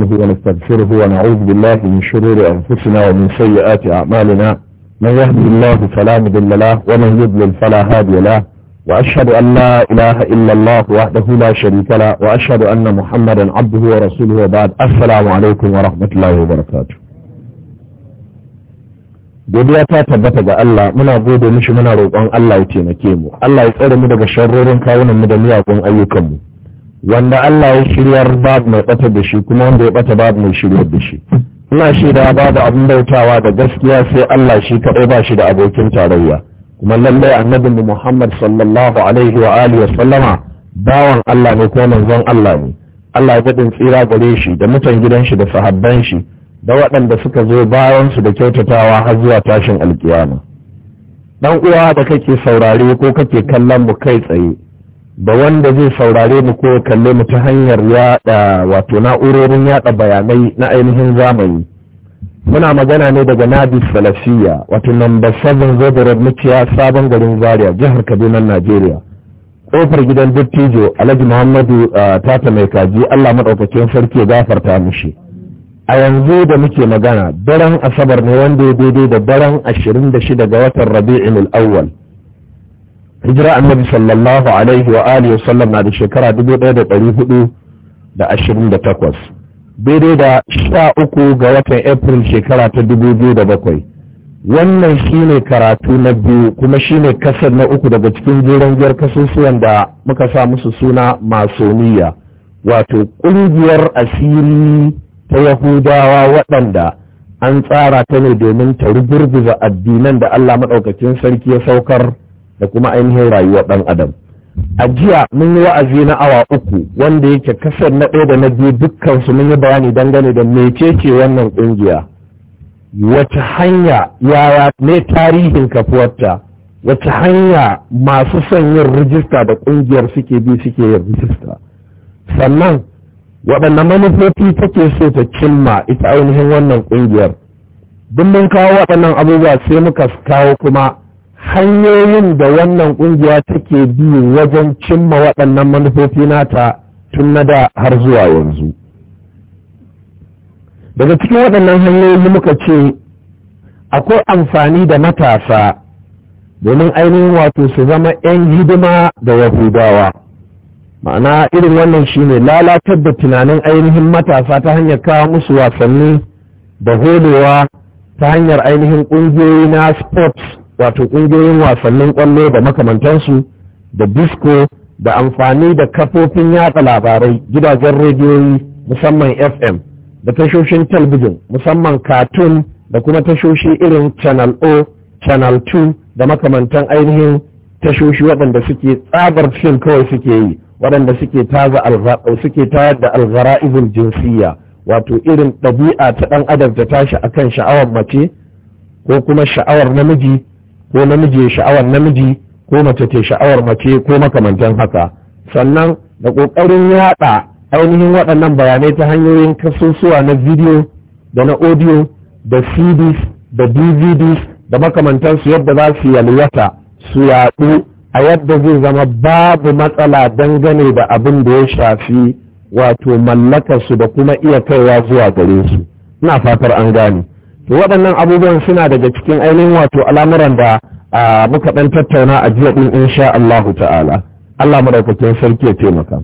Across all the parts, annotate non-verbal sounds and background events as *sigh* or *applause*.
ونستغفره ونعوذ بالله من شرور أنفسنا ومن سيئات أعمالنا من يهدي الله فلا مضل له ومن يضلل فلا هادي له وأشهد أن لا إله إلا الله وحده لا شريك له وأشهد أن محمدا عبده ورسوله وبعد السلام عليكم ورحمة الله وبركاته godiya ta tabbata ga Allah muna gode mishi muna roƙon Allah ya taimake mu Allah ya tsare mu daga sharrorin kawunan mu da miyagun ayyukan mu wanda Allah ya shiryar babu mai bata da shi kuma wanda ya bata babu mai shiryar da shi ina ba babu abin bautawa da gaskiya sai Allah shi kadai ba shi da abokin tarayya kuma lallai annabi Muhammad sallallahu alaihi wa alihi wa sallama bawan Allah ne ko manzon Allah ne Allah ya gadin tsira gare shi da mutan gidan shi da sahabban shi da waɗanda suka zo bayan su da kyautatawa har zuwa tashin alkiyama dan uwa da kake saurare ko kake kallon mu kai tsaye da wanda zai saurare mu ko kalle mu ta hanyar yada wato na'urorin yada bayanai na ainihin zamani muna magana ne daga nadi salafiya wato number 7 zobarar muciya sabon garin zaria jihar kaduna najeriya kofar gidan dattijo alhaji muhammadu tata mai kaji allah maɗaukakin sarki ya gafarta mushi a yanzu da muke magana daren asabar ne wanda ya daidai da daren 26 ga watan rabi'in al-awwal hijira annabi sallallahu alaihi wa alihi wa sallam na da shekara 1428 daidai da sha uku ga watan april shekara ta bakwai. wannan shine karatu na biyu kuma shine kasar na uku daga cikin jirangiyar kasusuwan da muka sa musu suna masoniya wato ƙungiyar asiri ta yahudawa waɗanda an tsara ta ne domin ta rugurguza addinan da allah maɗaukacin sarki ya saukar da kuma ainihin rayuwa ɗan adam a jiya mun yi wa'azi na awa uku wanda yake kasar na ɗaya da na biyu dukkan su mun yi bayani dangane da mecece wannan ƙungiya wace hanya yaya ne tarihin kafuwarta wace hanya masu son yin rijista da ƙungiyar suke bi suke yin rijista sannan waɗanne manufofi take so ta cimma ita ainihin wannan ƙungiyar duk mun kawo waɗannan abubuwa sai muka kawo kuma hanyoyin da wannan ƙungiya take bi wajen cimma waɗannan manufofi nata tun na da har zuwa yanzu daga cikin waɗannan hanyoyi muka ce akwai amfani da matasa domin ainihin wato su zama 'yan hidima da yahudawa ma'ana irin wannan shine lalatar da tunanin ainihin matasa ta hanyar kawo musu wasanni da holewa ta hanyar ainihin ƙungiyoyi na sports wato ƙungiyoyin wasannin ƙwallo da makamantansu da disco da amfani da kafofin yatsa labarai gidajen rediyoyi musamman fm da tashoshin talbijin musamman cartoon da kuma tashoshi irin channel o channel 2 da makamantan ainihin tashoshi waɗanda suke tsabar fim kawai suke yi waɗanda suke suke tayar da algara'izul jinsiyya wato irin ɗabi'a ta ɗan adam ta tashi akan sha'awar mace ko kuma sha'awar namiji ko namiji ya sha'awar namiji ko mace ta sha'awar mace ko makamantan haka sannan da ƙoƙarin yada ainihin waɗannan bayanai ta hanyoyin kasusuwa na video da na audio da cds da dvds da makamantansu yadda za su yalwata su yaɗu a yadda zai zama babu matsala dangane da abin da ya shafi wato mallakarsu da kuma iya kaiwa zuwa gare su ina fatar an gane to waɗannan abubuwan suna daga cikin ainihin wato al'amuran da muka ɗan tattauna a jiya ɗin insha Allahu ta'ala Allah madaukakin sarki ya taimaka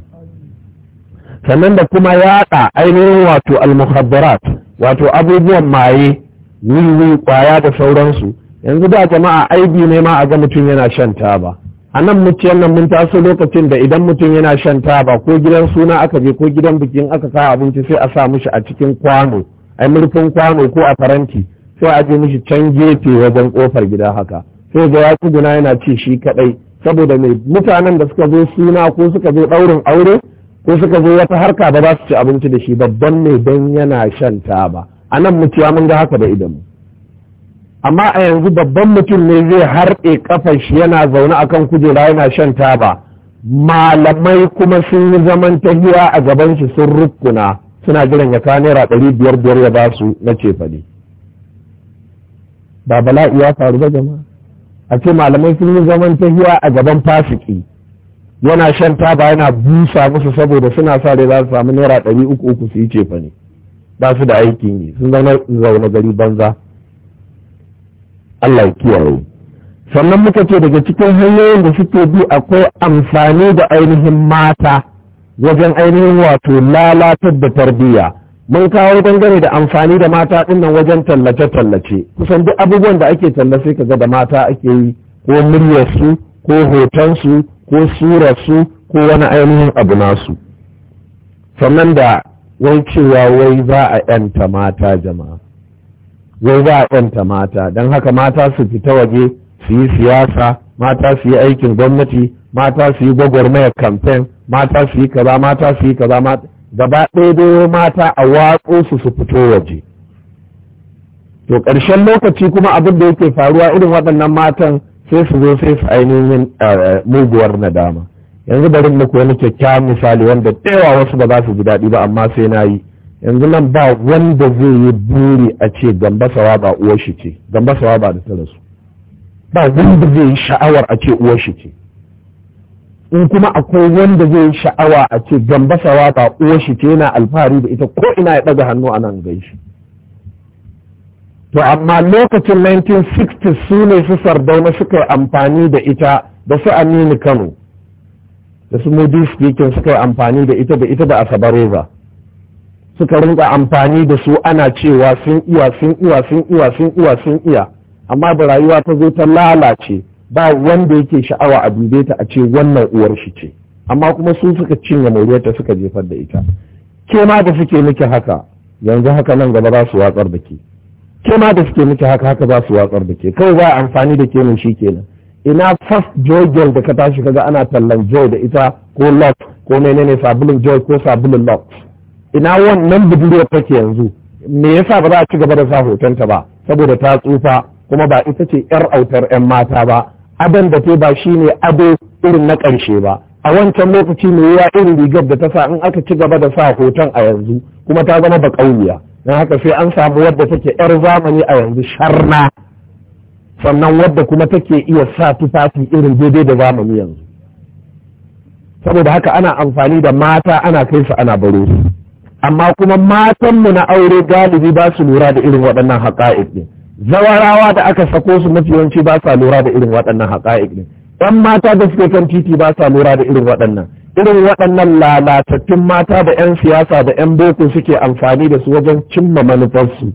sannan da kuma yaɗa ainihin wato al-muhabbarat wato abubuwan maye wiwi kwaya da sauransu yanzu da jama'a aibi ne ma a ga mutum yana shan taba a nan muciyan nan mun taso lokacin da idan mutum yana shan taba ko gidan suna aka je ko gidan bikin aka kawo abinci sai a sa mushi a cikin kwano a murfin kwano ko a faranti sai a je mishi can gefe wajen kofar gida haka sai ga ya tsuguna yana ci shi kadai saboda mai mutanen da suka zo suna ko suka zo daurin aure ko suka zo wata harka ba za su ci abinci da shi babban mai don yana shan taba a nan mutuwa mun ga haka da idan amma a yanzu babban mutum ne zai harɗe kafar shi yana zaune a akan kujera yana shan taba malamai kuma sun yi zaman tahiya a gaban shi sun rukuna suna jiran ya kawo naira ɗari biyar biyar ya ba su na cefane ba bala'i ya faru ba jama'a a ce malamai sun yi zaman tahiya a gaban fasiki yana shan taba yana busa musu saboda suna sa rai za su samu naira ɗari uku uku su yi cefane ba su da aikin yi sun zama zaune gari banza Allah ya kiyaye sannan muka ce daga cikin hanyoyin da suke bi akwai amfani da ainihin mata wajen ainihin wato lalatar da tarbiyya mun kawo dangane da amfani da mata dinnan wajen tallace-tallace kusan duk abubuwan da ake tallace kaga da mata ake yi ko muryarsu ko hotonsu ko surarsu ko wani ainihin abu nasu sannan da wai cewa wai za a yanta mata jama'a wai za a yanta mata don haka mata su fita waje su yi siyasa mata su yi aikin gwamnati mata su yi gwagwarmaya kamfen mata su yi kaza mata su yi kaza mata gaba ɗaya dai mata a watsu su su fito waje to ƙarshen lokaci kuma abin da yake faruwa irin waɗannan matan sai su zo sai su ainihin eh, muguwar nadama yanzu bari muku wani kyakkyawan misali wanda yawa wasu ba za su ji daɗi ba amma sai na yi yanzu nan ba wanda zai yi buri a ce gambasawa ba uwar shi ce gambasawa ba da ta ba wanda zai yi sha'awar a ce uwar shi ce in kuma akwai wanda zai sha'awa a ce gamba shawaka uwar shi ce yana alfahari da ita ko ina ya ɗaga hannu a nan gaishe to amma lokacin 1960 su ne su sardauna suka yi amfani da ita da su aminu kano da su modi speaking suka yi amfani da ita da ita da asabareza suka rinka amfani da su ana cewa sun iya sun iya sun iya sun iya sun iya amma da rayuwa ta zo ta lalace ba wanda yake sha'awa a dube ta a ce wannan uwar shi ce amma kuma su suka cinye moriyarta suka jefar da ita ke ma da suke miki haka yanzu haka nan gaba za su watsar da ke ke ma da suke miki haka haka za su watsar da ke kawai ba amfani da ke shi kenan ina first joy girl da ka tashi kaga ana tallan joy da ita ko lock ko menene sabulin joy ko sabulin lock ina wannan budurwar take yanzu me yasa ba za a ci gaba da sa hotonta ba saboda ta tsufa kuma ba ita ce yar autar yan mata ba adon da ta ba shi ne ado irin na ƙarshe ba a wancan lokaci mai yawa irin rigar da ta sa in aka ci gaba da sa hoton a yanzu kuma ta zama baƙauniya don haka sai an samu wadda take 'yar zamani a yanzu sharna sannan wadda kuma take iya sa tufafi irin daidai da zamani yanzu saboda haka ana amfani da mata ana kai su ana baro amma kuma matanmu na aure galibi ba su lura da irin waɗannan haƙa'iƙin zawarawa da aka sako su mafi yawanci ba sa lura da irin waɗannan haƙa'iƙ ne ɗan mata da suke kan titi ba sa lura da irin waɗannan irin waɗannan lalatattun mata da 'yan siyasa da 'yan boko suke amfani da su wajen cimma manufarsu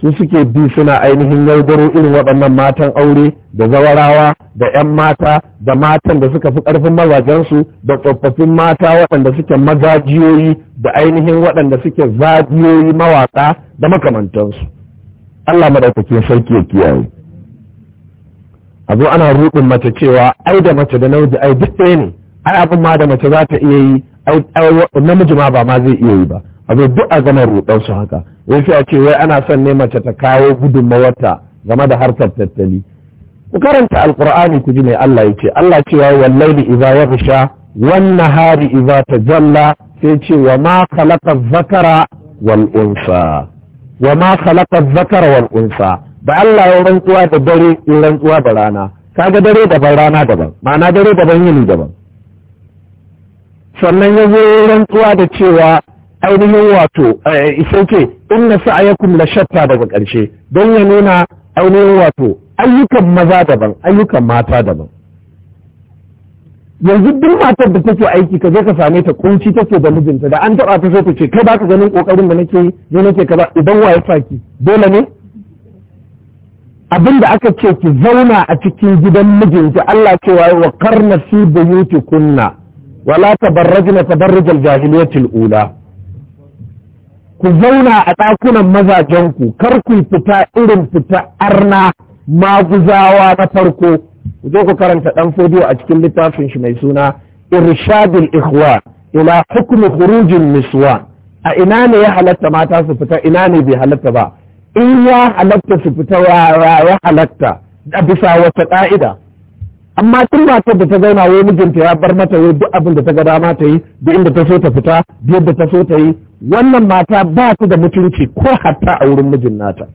su suke bi suna ainihin yaudaro irin waɗannan matan aure da zawarawa da 'yan mata da matan da suka fi ƙarfin mazajensu da tsofaffin mata waɗanda suke mazajiyoyi da ainihin waɗanda suke zajiyoyi mawaƙa da makamantansu Allah madaukakin sarki ya kiyaye a zo ana rubin mace cewa ai da mace da namiji ai duk ɗaya ne ai abin ma da mace za ta iya yi namiji ma ba ma zai iya yi ba a zo duk a zama rudan su haka wai sai a ce wai ana son ne mace ta kawo mawata game da harkar tattali ku karanta alqur'ani ku ji mai Allah yace Allah cewa wallahi idza yaghsha wan nahari idza tajalla sai ce wa ma khalaqa dhakara wal unsa wa ma khalaqa dhakara wal unsa ba Allah ya rantsuwa da dare in rantsuwa da rana kaga dare daban rana daban ma'ana dare daban yini daban sannan ya zo rantsuwa da cewa ainihin wato isauke eh, eh, inna sa'ayakum la shatta daga ƙarshe don ya nuna ainihin wato ayyukan maza daban ayyukan mata daban yanzu duk matar da take aiki ka je ka same ta kunci take da mijinta da an taba ta sai ta ce kai baka ganin kokarin da nake yi ne nake kaza idan waye saki dole ne abinda aka ce ki zauna a cikin gidan mijinki Allah ce wa karna fi buyutikunna wala tabarrajna tabarrujal jahiliyatil ula ku zauna a ɗakunan mazajenku kar ku fita irin fita arna maguzawa na farko ku zo ku karanta ɗan fodiyo a cikin littafin shi mai suna irshadul ikhwa ila hukmi khurujin niswa a ina ne ya halatta mata su fita ina ne bai halatta ba in ya halatta su fita ya halatta a bisa wata ƙa'ida amma tun matar da ta zauna wai mijinta ya bar mata wai duk abin da ta ga dama ta yi duk inda ta so ta fita duk da ta so ta yi wannan mata ba ta da mutunci ko hatta a wurin mijin nata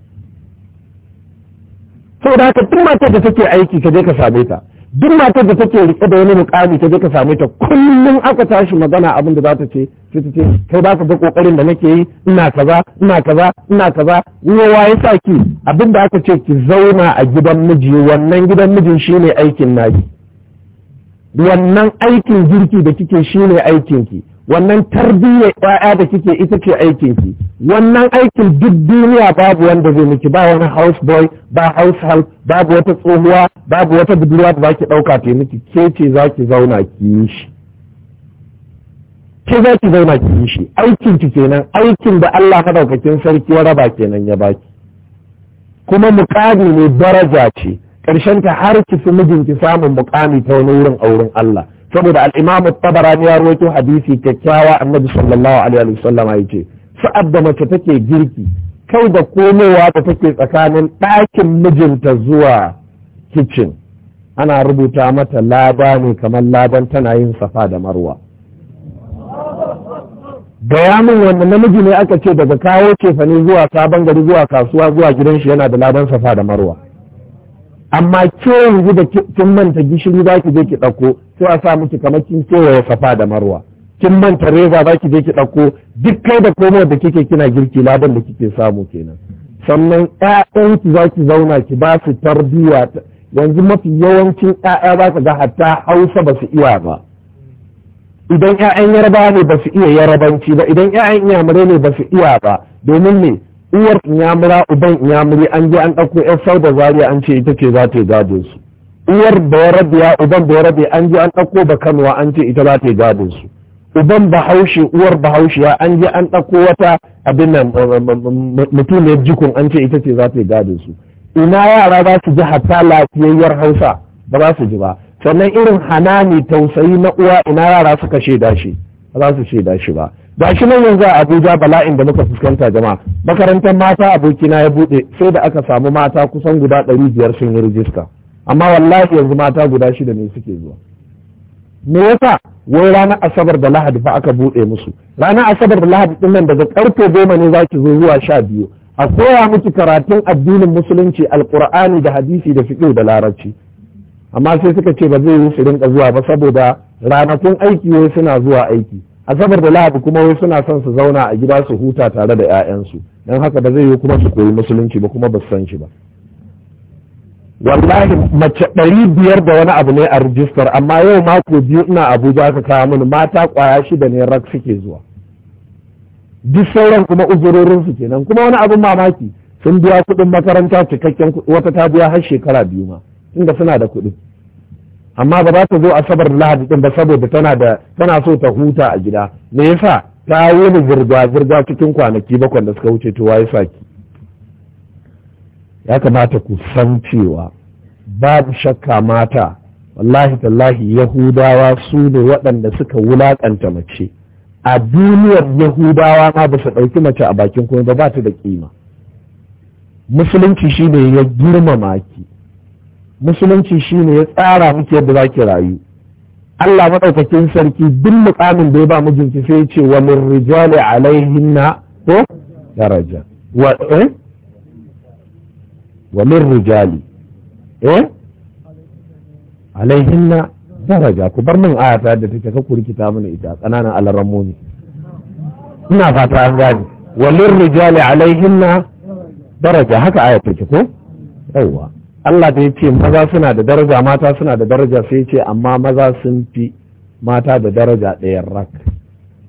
saboda haka duk matar da take aiki ka je ka same ta duk matar da take rike da wani mukami ta je ka same ta kullum aka tashi magana abin da za ta ce sai ta ce kai ba ka ga kokarin da nake yi ina kaza ina kaza ina kaza yawa ya sa ki abin da aka ce ki zauna a gidan miji wannan gidan mijin shine aikin naki wannan aikin girki da kike shine aikin ki wannan tarbiyyar ƴaƴa da kike ita ce aikin ki wannan aikin duk duniya babu wanda zai miki ba wani house boy ba house help babu wata tsohuwa babu wata budurwa da zaki ɗauka ta miki ke ce zaki zauna ki yi shi ke zaki zauna ki yi shi aikin ki kenan aikin da Allah madaukakin sarki ya raba kenan ya baki kuma muƙami ne daraja ce ƙarshen ta har ki fi mijinki samun muƙami ta wani wurin auren Allah saboda al-imamu tabarani ya rawaito hadisi kyakkyawa annabi sallallahu alaihi wasallam ya ce sa'ad da mace take girki kai da komowa da take tsakanin ɗakin mijinta zuwa kitchen ana rubuta mata laba ne kamar laban tana yin safa da marwa gaya min wanda namiji ne aka ce daga kawo cefane zuwa sabon gari zuwa kasuwa zuwa gidan shi yana da laban safa da marwa amma ke yanzu da kin manta gishiri za ki je ki ɗauko to a sa miki kamar kin kewaye safa da marwa kin manta reza za ki je ki ɗauko duk kai da komai da kike kina girki ladan da kike samu kenan sannan ƴaƴanki za ki zauna ki ba su tarbiyya yanzu mafi yawancin ƴaƴa za ka ga hatta hausa ba su iya ba idan ƴaƴan yarba ne ba su iya yarabanci ba idan ƴaƴan iyamurai ne ba su iya ba domin ne uwar Nyamura uban Nyamuri, an je an ɗauko yan sauda Zariya an ce ita ce za ta gadin su uwar bayarabiya uban bayarabe an je an ɗauko bakanwa an ce ita za ta gadin su uban bahaushe uwar bahaushiya an je an ɗauko wata abin nan mutumiyar jikun an ce ita ce za ta gadin su ina yara za su ji hatta lafiyayyar hausa ba za su ji ba sannan irin hanani tausayi na uwa ina yara suka shaida shi ba za su shaida shi ba ga shi nan yanzu a abuja bala'in da muka fuskanta jama'a makarantar mata abokina ya buɗe sai da aka samu mata kusan guda ɗari biyar sun yi rijista amma wallahi yanzu mata guda shida ne suke zuwa me yasa wai ranar asabar da lahadi fa aka buɗe musu ranar asabar da lahadi ɗin nan daga karfe goma ne za ki zo zuwa sha biyu a koya miki karatun addinin musulunci alkur'ani da hadisi da fiƙo da larabci amma sai suka ce ba zai yi su rinka zuwa ba saboda ranakun aiki wai suna zuwa aiki azabar da lahadi kuma wai suna son su zauna a gida su huta tare da 'ya'yansu don haka ba zai yi kuma su koyi musulunci ba kuma ba san shi ba wallahi mace ɗari biyar da wani abu ne a rijistar amma yau mako biyu ina abuja ka kawo mini mata kwaya shida ne rak suke zuwa duk sauran kuma uzurorin su kenan kuma wani abin mamaki sun biya kuɗin makaranta cikakken wata ta biya har shekara biyu ma tunda suna da kuɗi amma ba za ta zo asabar da lahadi ɗin ba saboda tana da tana so ta huta a gida me yasa ta wani zirga zirga cikin kwanaki bakwai da suka wuce to waye saki ya kamata ku san cewa babu shakka mata wallahi tallahi yahudawa su ne waɗanda suka wulaƙanta mace a duniyar yahudawa ma ba su ɗauki mace a bakin kuma ba ba ta da kima musulunci shine ya girmama musulunci shine ya tsara muke yadda za ki rayu Allah maɗaukakin sarki duk mukamin da ya ba mijinki sai ce wa min rijali na ko daraja wa eh wa min rijali eh na daraja ku bar min ayata da take ka kurkita mana ita kananan alarammomi ina fata an gane wa min rijali na daraja haka ayata take ko yawa Allah da ya ce maza suna da daraja mata suna da daraja sai ce amma maza sun fi mata da daraja ɗayan rak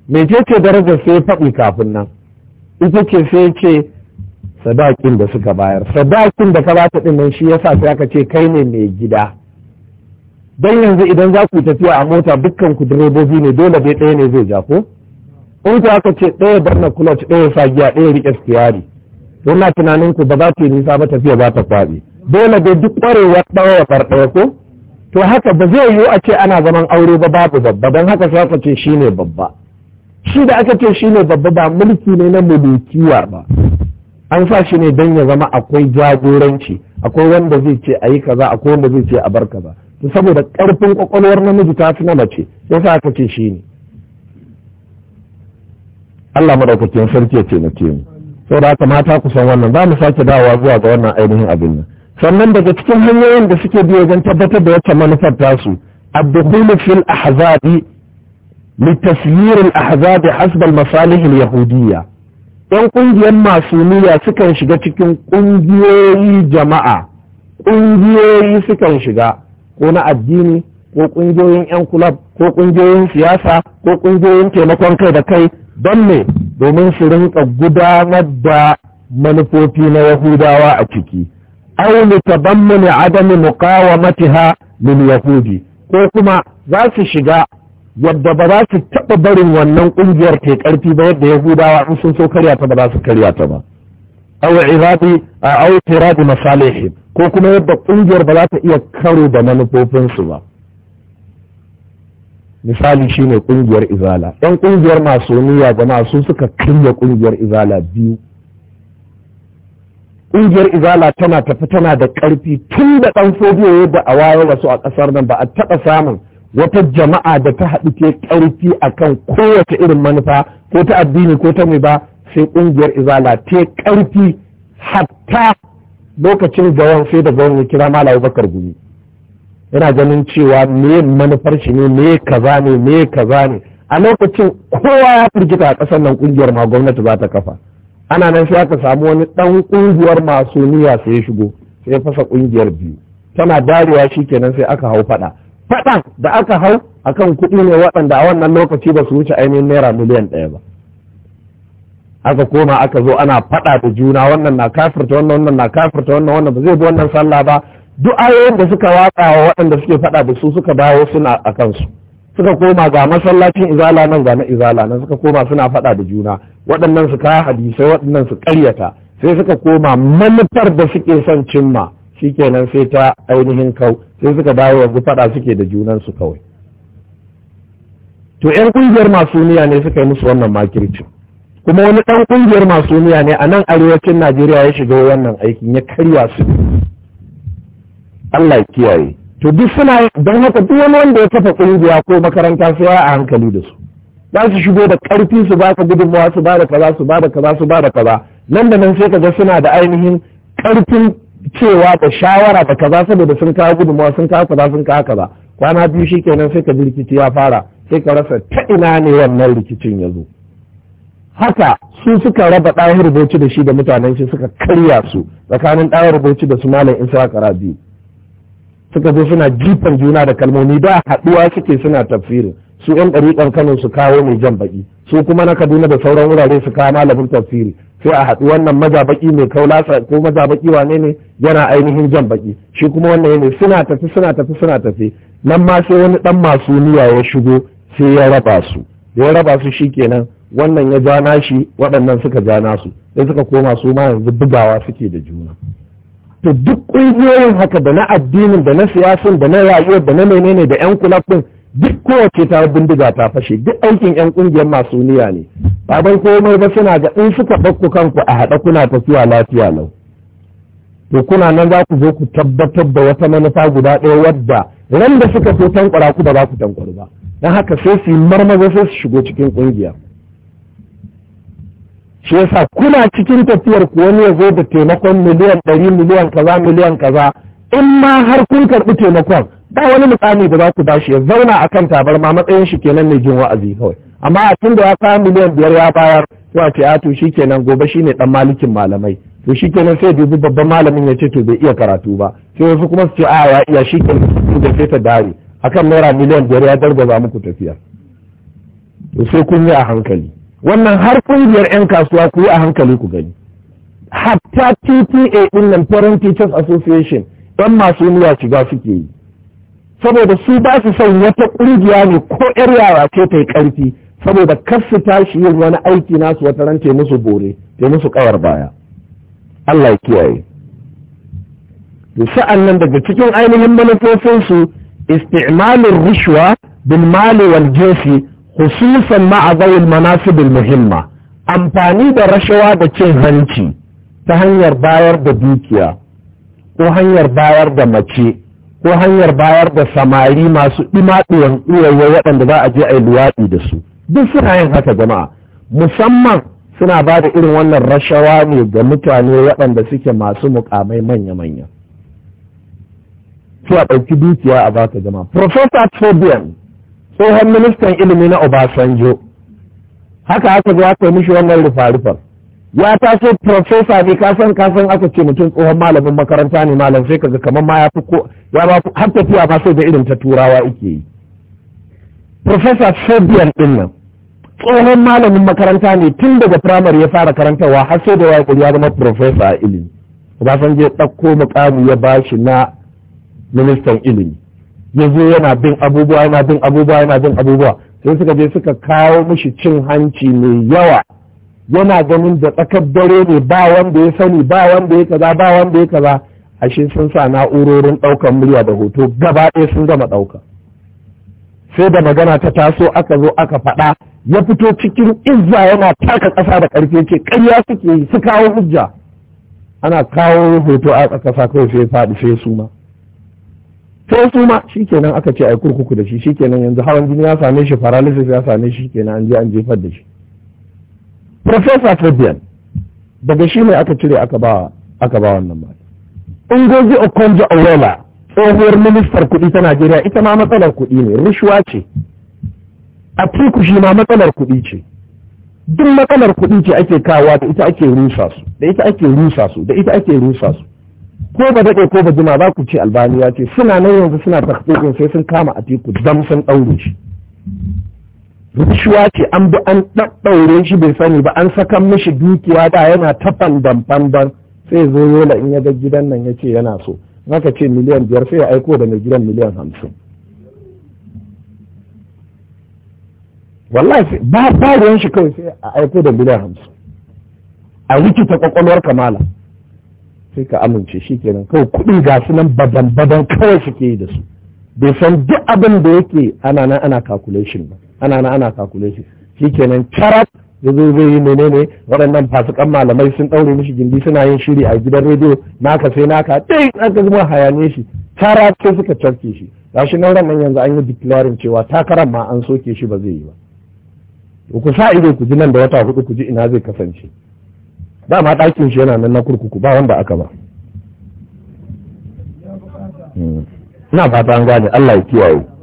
Me ce daraja sai faɗi kafin nan ita ce sai ce sadakin da suka bayar sadakin da ka ba ta ɗin shi yasa sai aka ce kai ne mai gida don yanzu idan za ku tafiya a mota dukkan ku direbobi ne dole dai ɗaya ne zai ja ko in ku aka ce ɗaya barna kulaci ɗaya sa giya, ɗaya riƙe stiyari Wannan tunanin ku ba za ta yi nisa ba tafiya za ta kwaɓe dole dai duk ƙwarewar ɗawa ɗaya ko to haka ba zai yiwu a ce ana zaman aure ba babu babba don haka sai aka ce shi ne babba shi da aka ce shi ne babba ba mulki ne na mulkiya ba an sa shi ne don ya zama akwai jagoranci akwai wanda zai ce a yi kaza akwai wanda zai ce a bar kaza to saboda ƙarfin kwakwalwar namiji ta fi na mace sai sa aka ce shi ne Allah madaukakin sarki ya ce na ce mu saboda haka mata ku san wannan za mu sake dawowa zuwa ga wannan ainihin abin nan sannan daga cikin hanyoyin da suke biyo wajen tabbatar da wata manufar tasu al ahzab الأحزاب al masalih al yahudiyya dan ‘yan ƙungiyar niyya sukan shiga cikin kungiyoyi jama'a ƙungiyoyi sukan shiga ko na addini ko ƙungiyoyin 'yan kulab ko ƙungiyoyin siyasa ko ƙungiyoyin taimakon kai da kai don ne domin su rinka gudanar da manufofi na yahudawa a ciki aw mutabammani adami muqawamatiha min yahudi ko kuma za su shiga yadda ba za su taɓa barin wannan ƙungiyar ta ƙarfi ba yadda yahudawa in sun so karya ta ba za su karya ta ba au iradi au iradi masalihi ko kuma yadda ƙungiyar ba za ta iya karo da manufofinsu ba misali shine ƙungiyar izala yan ƙungiyar masoniya jama'a su suka karya ƙungiyar izala biyu ƙungiyar izala tana tafi tana da ƙarfi tun da ɗan sojiya ya ba a waye wasu a ƙasar nan ba a taɓa samun wata jama'a da ta haɗu ke ƙarfi akan kowace irin manufa ko ta addini ko ta mai ba sai ƙungiyar izala ta ƙarfi hatta lokacin gawan sai da gawan ya kira mala bakar gumi yana ganin cewa me manufar shi ne me kaza ne me kaza ne a lokacin kowa ya firgita a ƙasar nan ƙungiyar ma gwamnati za ta kafa ana nan sai aka samu wani ɗan ƙungiyar masu niyya sai ya shigo sai ya fasa ƙungiyar biyu tana shi kenan sai aka hau faɗa faɗan da aka hau akan kuɗi ne waɗanda a wannan lokaci ba su wuce ainihin naira miliyan ɗaya ba aka koma aka zo ana faɗa da juna wannan na kafirta wannan wannan na kafirta wannan wannan ba zai bi wannan sallah ba duk ayoyin da suka watsa wa waɗanda suke faɗa da su suka dawo suna a kansu suka koma ga masallacin izala nan ga na izala nan suka koma suna faɗa da juna waɗannan su kawo hadisai waɗannan su ƙaryata sai suka koma manufar da suke son cimma shikenan sai ta ainihin kau sai suka dawo yanzu faɗa suke da junansu kawai to 'yan ƙungiyar masuniya ne suka yi musu wannan makircin kuma wani ɗan ƙungiyar masuniya ne a nan arewacin najeriya ya shiga wannan aikin ya karya su allah kiyaye to duk suna don haka duk wani wanda ya kafa ƙungiya ko makaranta sai ya a hankali da su za su shigo da ƙarfi su ba ka gudunmawa su ba da kaza su ba da kaza su ba da kaza nan da nan sai ka ga suna da ainihin ƙarfin cewa da shawara da kaza saboda sun kawo gudunmawa sun kawo kaza sun kawo kaza kwana biyu shi kenan sai ka ji rikici ya fara sai ka rasa ta ina ne wannan rikicin ya zo haka su suka raba ɗaya rubuci da shi da mutanen shi suka karya su tsakanin ɗaya rubuci da su malam isra biyu suka zo suna jifan juna da kalmomi da haɗuwa suke suna tafsirin su yan ɗariƙan kano su kawo mai jan baƙi. su kuma na kaduna da sauran wurare su kawo malamin tafsiri sai a haɗu wannan mazabaki mai kaulasa ko mazabaki wane ne yana ainihin jan baƙi. shi kuma wannan ne suna tafi suna tafi suna tafi nan ma sai wani ɗan masu niyya ya shigo sai ya raba su ya raba su shi kenan wannan ya ja shi waɗannan suka ja nasu sai suka koma su ma yanzu bugawa suke da juna to duk ƙungiyoyin haka da na addinin da na siyasin da na rayuwar da na menene da yan kulafin duk kowace ta bindiga ta fashe duk aikin yan kungiyar niya ne ba komai ba suna ga in suka ɗauko kanku a haɗa kuna tafiya lafiya lau to kuna nan za ku zo ku tabbatar da wata manufa guda ɗaya wadda ran da suka so tankwara ku ba za ku tankwaru ba don haka sai su yi marmaza sai su shigo cikin kungiya shi yasa kuna cikin tafiyar ku wani ya zo da taimakon miliyan ɗari miliyan kaza miliyan kaza in ma har kun karɓi taimakon ba wani mukami da za ku shi ya zauna a kan tabarma matsayin shi kenan mai jin wa'azi kawai amma a tun da ya kawo miliyan biyar ya bayar to a ce a ah, to shi kenan gobe shi ne dan malikin malamai to shi kenan sai dubi babban malamin ya ce to bai iya karatu ba sai wasu kuma su ce a ah, ya iya shi kenan da sai ta dare akan naira miliyan biyar ya dargaza muku tafiya to sai kun yi a hankali wannan har kungiyar 'yan kasuwa ku yi a hankali ku gani hatta TTA din nan Foreign Teachers Association 'yan masu niyya shiga suke yi saboda su ba su son wata ƙungiya ne ko ‘yar yara ce ta yi ƙarfi saboda kar su tashi yin wani aiki nasu wata ran musu bore te musu ƙawar baya Allah ya kiyaye to sa'an nan daga cikin ainihin manufofin su isti'malur rishwa bil mali wal jinsi khususan ma'a zawil muhimma amfani da rashawa da cin hanci ta hanyar bayar da dukiya ko hanyar bayar da mace ko hanyar bayar da samari masu ɗimaɗuwan ɗuwaye waɗanda za a je a yi luwaɗi da su duk suna yin haka jama'a musamman suna ba da irin wannan rashawa ne ga mutane waɗanda suke masu mukamai manya-manya a ɗauki dukiya a baka jama'a professor tobian tsohon ministan ilimi na obasanjo haka haka za ka mishi wannan rufa-rufar ya taso profesa ne kasan kasan aka ce mutum tsohon malamin makaranta ne malam sai kaga kamar ma ya fi ko ya ba har tafiya ba sai da irin ta turawa yake yi profesa Fabian din nan tsohon malamin makaranta ne tun daga firamare ya fara karantarwa har sai da waƙuri ya zama profesa a ilimi san ya ɗauko mukamu ya ba shi na ministan ilimi ya yana bin abubuwa yana bin abubuwa yana bin abubuwa sai suka je suka kawo mishi cin hanci mai yawa yana ganin da tsakar dare ne ba wanda ya sani ba wanda ya kaza ba wanda ya kaza ashe sun sa na'urorin ɗaukar murya da hoto gaba ɗaya sun gama ɗauka sai da magana ta taso aka zo aka faɗa ya fito cikin izza yana taka ƙasa da ƙarfe ce ƙarya suke yi su kawo hujja ana kawo hoto a ƙasa kawai sai faɗi sai su ma sai su ma shikenan aka ce ai kurkuku da shi shikenan yanzu hawan jini ya same shi paralysis ya same shi shikenan an je an jefar da shi Profesa Fabian daga shi ne aka cire aka ba aka wannan ba. Ungozi Okonjo Iweala tsohuwar ministar kuɗi ta Najeriya ita ma matsalar kuɗi ne rushuwa ce. Atiku shi ma matsalar kuɗi ce. Duk matsalar kuɗi ce ake kawa da ita ake rusa su, da ita ake rusa su, da ita ake rusa su. Ko ba daɗe ko ba jima za ku ce Albaniya ce suna nan yanzu suna tafiƙin sai sun kama Atiku Dan sun ɗaure shi. rushuwa ce an bi an ɗaɗɗaure shi bai sani ba an sakan mishi dukiya da yana ta fandan fandan sai zo yola in ya ga gidan nan ya ce yana so naka ce miliyan biyar sai ya aiko da mai gidan miliyan hamsin wallahi ba ba shi kawai sai a aiko da miliyan hamsin a rikita kwakwalwar kamala sai ka amince shi kenan kawai kuɗin gasu nan badan badan kawai suke yi da su bai san duk abin da yake ana nan ana calculation ba ana na ana calculation shikenan charat da zai zai yi menene waɗannan fasikan malamai sun ɗaure mishi gindi suna yin shiri a gidan rediyo naka sai naka dai aka zama hayane shi tara sai suka cafke shi gashi nan ran yanzu an yi declaring cewa takaran ma an soke shi ba zai yi ba ku sa ido ku ji nan da wata hudu ku ji ina zai kasance ba ma ɗakin shi yana nan na kurkuku ba wanda aka ba hmm. ina fata an gane Allah ya kiyaye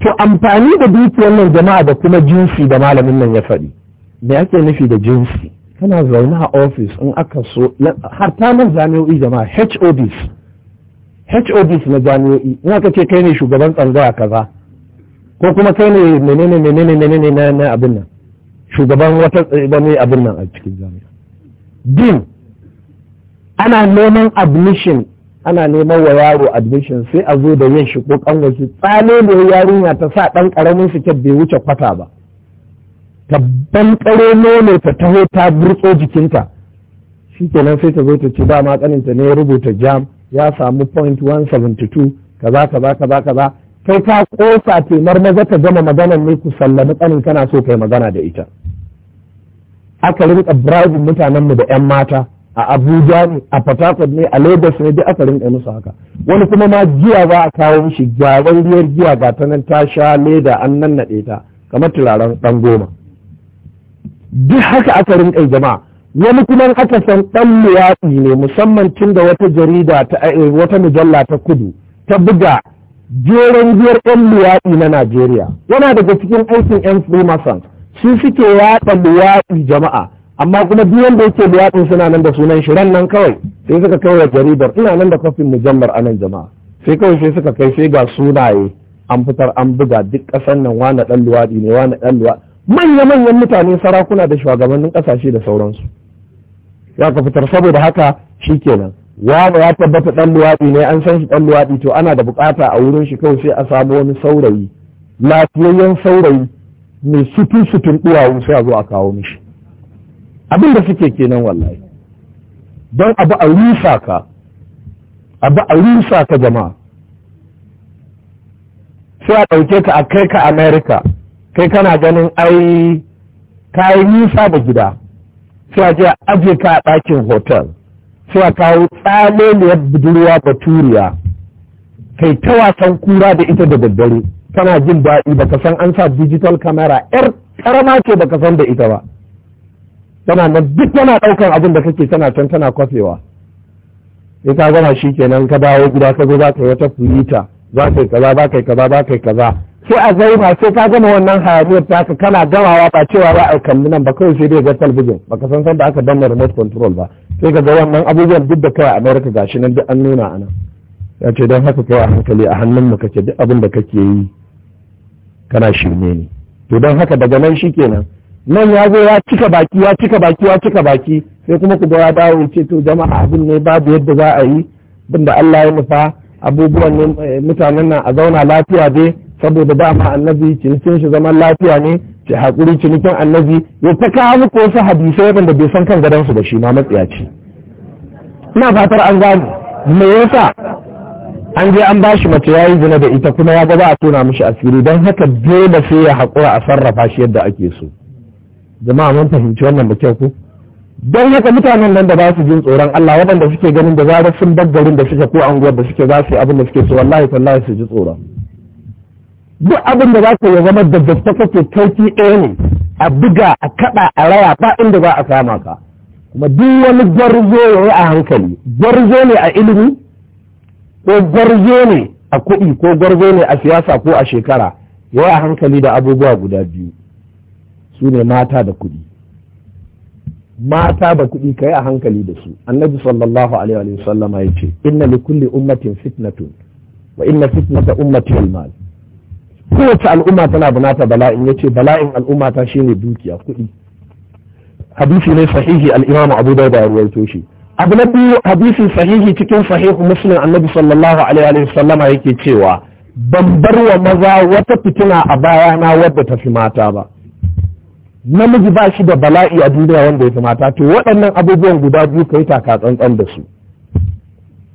to amfani da dukiyar nan jama'a da kuma jinsi da malamin nan ya faɗi me ake nufi da jinsi kana zaune a ofis in aka so har ta nan jami'o'i jama'a HODs HODs na jami'o'i in aka ce kai ne shugaban tsangaya kaza ko kuma kai ne menene menene menene na na abin nan shugaban wata wani abin nan a cikin jami'a din ana neman admission ana neman wa yaro admission sai a zo da yin shi ko kanwashi tsale ne yarinya ta sa ɗan ƙaramin siket bai wuce kwata ba tabban ƙaro nono ta taho ta burtso jikinta Shikenan sai ta zo ta ce dama ƙaninta ne ya rubuta jam ya samu point 172 kaza kaza kaza kaza kai ta kosa temar maza ta gama maganar ne ku sallami ƙanin kana so kai magana da ita aka rinka mutanen mutanenmu da 'yan mata a abuja ne a fatakwal ne a lagos ne duk aka rinka musu haka wani kuma ma giya za a kawo mishi gyaran giyar giya ga ta ta sha leda an nan naɗe ta kamar turaren ɗan goma duk haka aka rinka jama'a wani kuma aka san ɗan luwaɗi ne musamman tun da wata jarida ta eh, wata mujalla ta kudu ta buga jeren biyar ɗan luwaɗi na Najeriya yana daga cikin aikin 'yan Freemason su suke yaɗa luwaɗi jama'a amma kuma duk wanda yake da yatsun suna nan da sunan shi ran nan kawai sai suka kai wa jaridar ina nan da kafin mujammar anan jama'a sai kawai sai suka kai sai ga sunaye an fitar an buga duk kasan nan wani ɗan luwaɗi ne wani ɗan luwaɗi manya-manyan mutane sarakuna da shugabannin kasashe da sauransu ya ka fitar saboda haka shi kenan wani ya tabbata ɗan luwaɗi ne an san shi ɗan luwaɗi to ana da bukata a wurin shi kawai sai a samu wani saurayi lafiyayyen saurayi mai sutun sutun ɗuwawu sai a zo a kawo mishi abin da suke kenan wallahi don abu a rusa ka abu a rusa ka jama'a sai a ɗauke ka a kai ka Amerika, kai kana ganin ai yi nisa da gida sai a je a aje ka a ɗakin hotel sai a kawo tsaleliyar budurwa baturiya kai ta wasan kura da ita da daddare kana jin daɗi baka san an sa digital camera yar karama ce baka san da ita ba tana nan duk tana ɗaukan abin da kake tana can tana kwafewa sai ka gama shi kenan ka dawo gida ka zo za ka yi wata furita za ka yi kaza za ka yi kaza za ka yi kaza sai a ba sai ka gama wannan hayaniyar ka kana gamawa ba cewa ba a kalli nan ba kawai sai dai ga talbijin ka san san da aka danna remote control ba sai ka ga wannan abubuwan duk da kawai america gashi nan duk an nuna a ya ce don haka kawai a hankali a hannun mu kake duk abin da kake yi kana shirme ne to don haka daga nan shi kenan nan ya zo ya cika baki ya cika baki ya cika baki sai kuma ku ya dawo ce to jama'a abin ne babu yadda za a yi bin da Allah ya musa abubuwan ne eh, mutanen nan a zauna lafiya dai saboda ma annabi cinikin shi zaman lafiya ne ce hakuri cinikin annabi ya ta kawo muku wasu hadisai wanda bai san kan gadansu ba shi ma ce. ina fatar an gane me yasa an je an bashi mace yayi zina da ita kuma ya ga ba a tona mishi asiri dan haka dole sai ya hakura a sarrafa shi yadda ake so jama'a mun fahimci wannan da kyau ko don haka mutanen nan da ba su jin tsoron Allah waɗanda suke ganin da zarar sun bar da suke ko anguwar da suke za su yi abin da suke so wallahi tallahi su ji tsoro duk abin da za ka ya zama da dasta kake kauki ɗaya ne a buga a kaɗa a raya ba inda za a kama ka kuma duk wani gwarzo ya yi a hankali gwarzo ne a ilimi ko gwarzo ne a kuɗi ko gwarzo ne a siyasa ko a shekara ya yi a hankali da abubuwa guda biyu su ne mata da kuɗi mata da kuɗi ka yi a hankali da su annabi sallallahu alaihi wa sallam ya ce inna li kulli ummatin fitnatun wa inna fitnata ummati al mal kowace al'umma tana bunata bala'in yace bala'in al'umma ta shine dukiya kuɗi hadisi ne sahihi al-imamu abu dauda ya ruwaito shi abu na biyu hadisi sahihi cikin sahihu muslim annabi sallallahu alaihi wa sallama yake cewa ban bar wa maza wata fitina a bayana wadda ta fi mata ba namiji ba shi da bala'i a duniya wanda ya fi mata to waɗannan abubuwan guda biyu ka yi taka tsantsan da su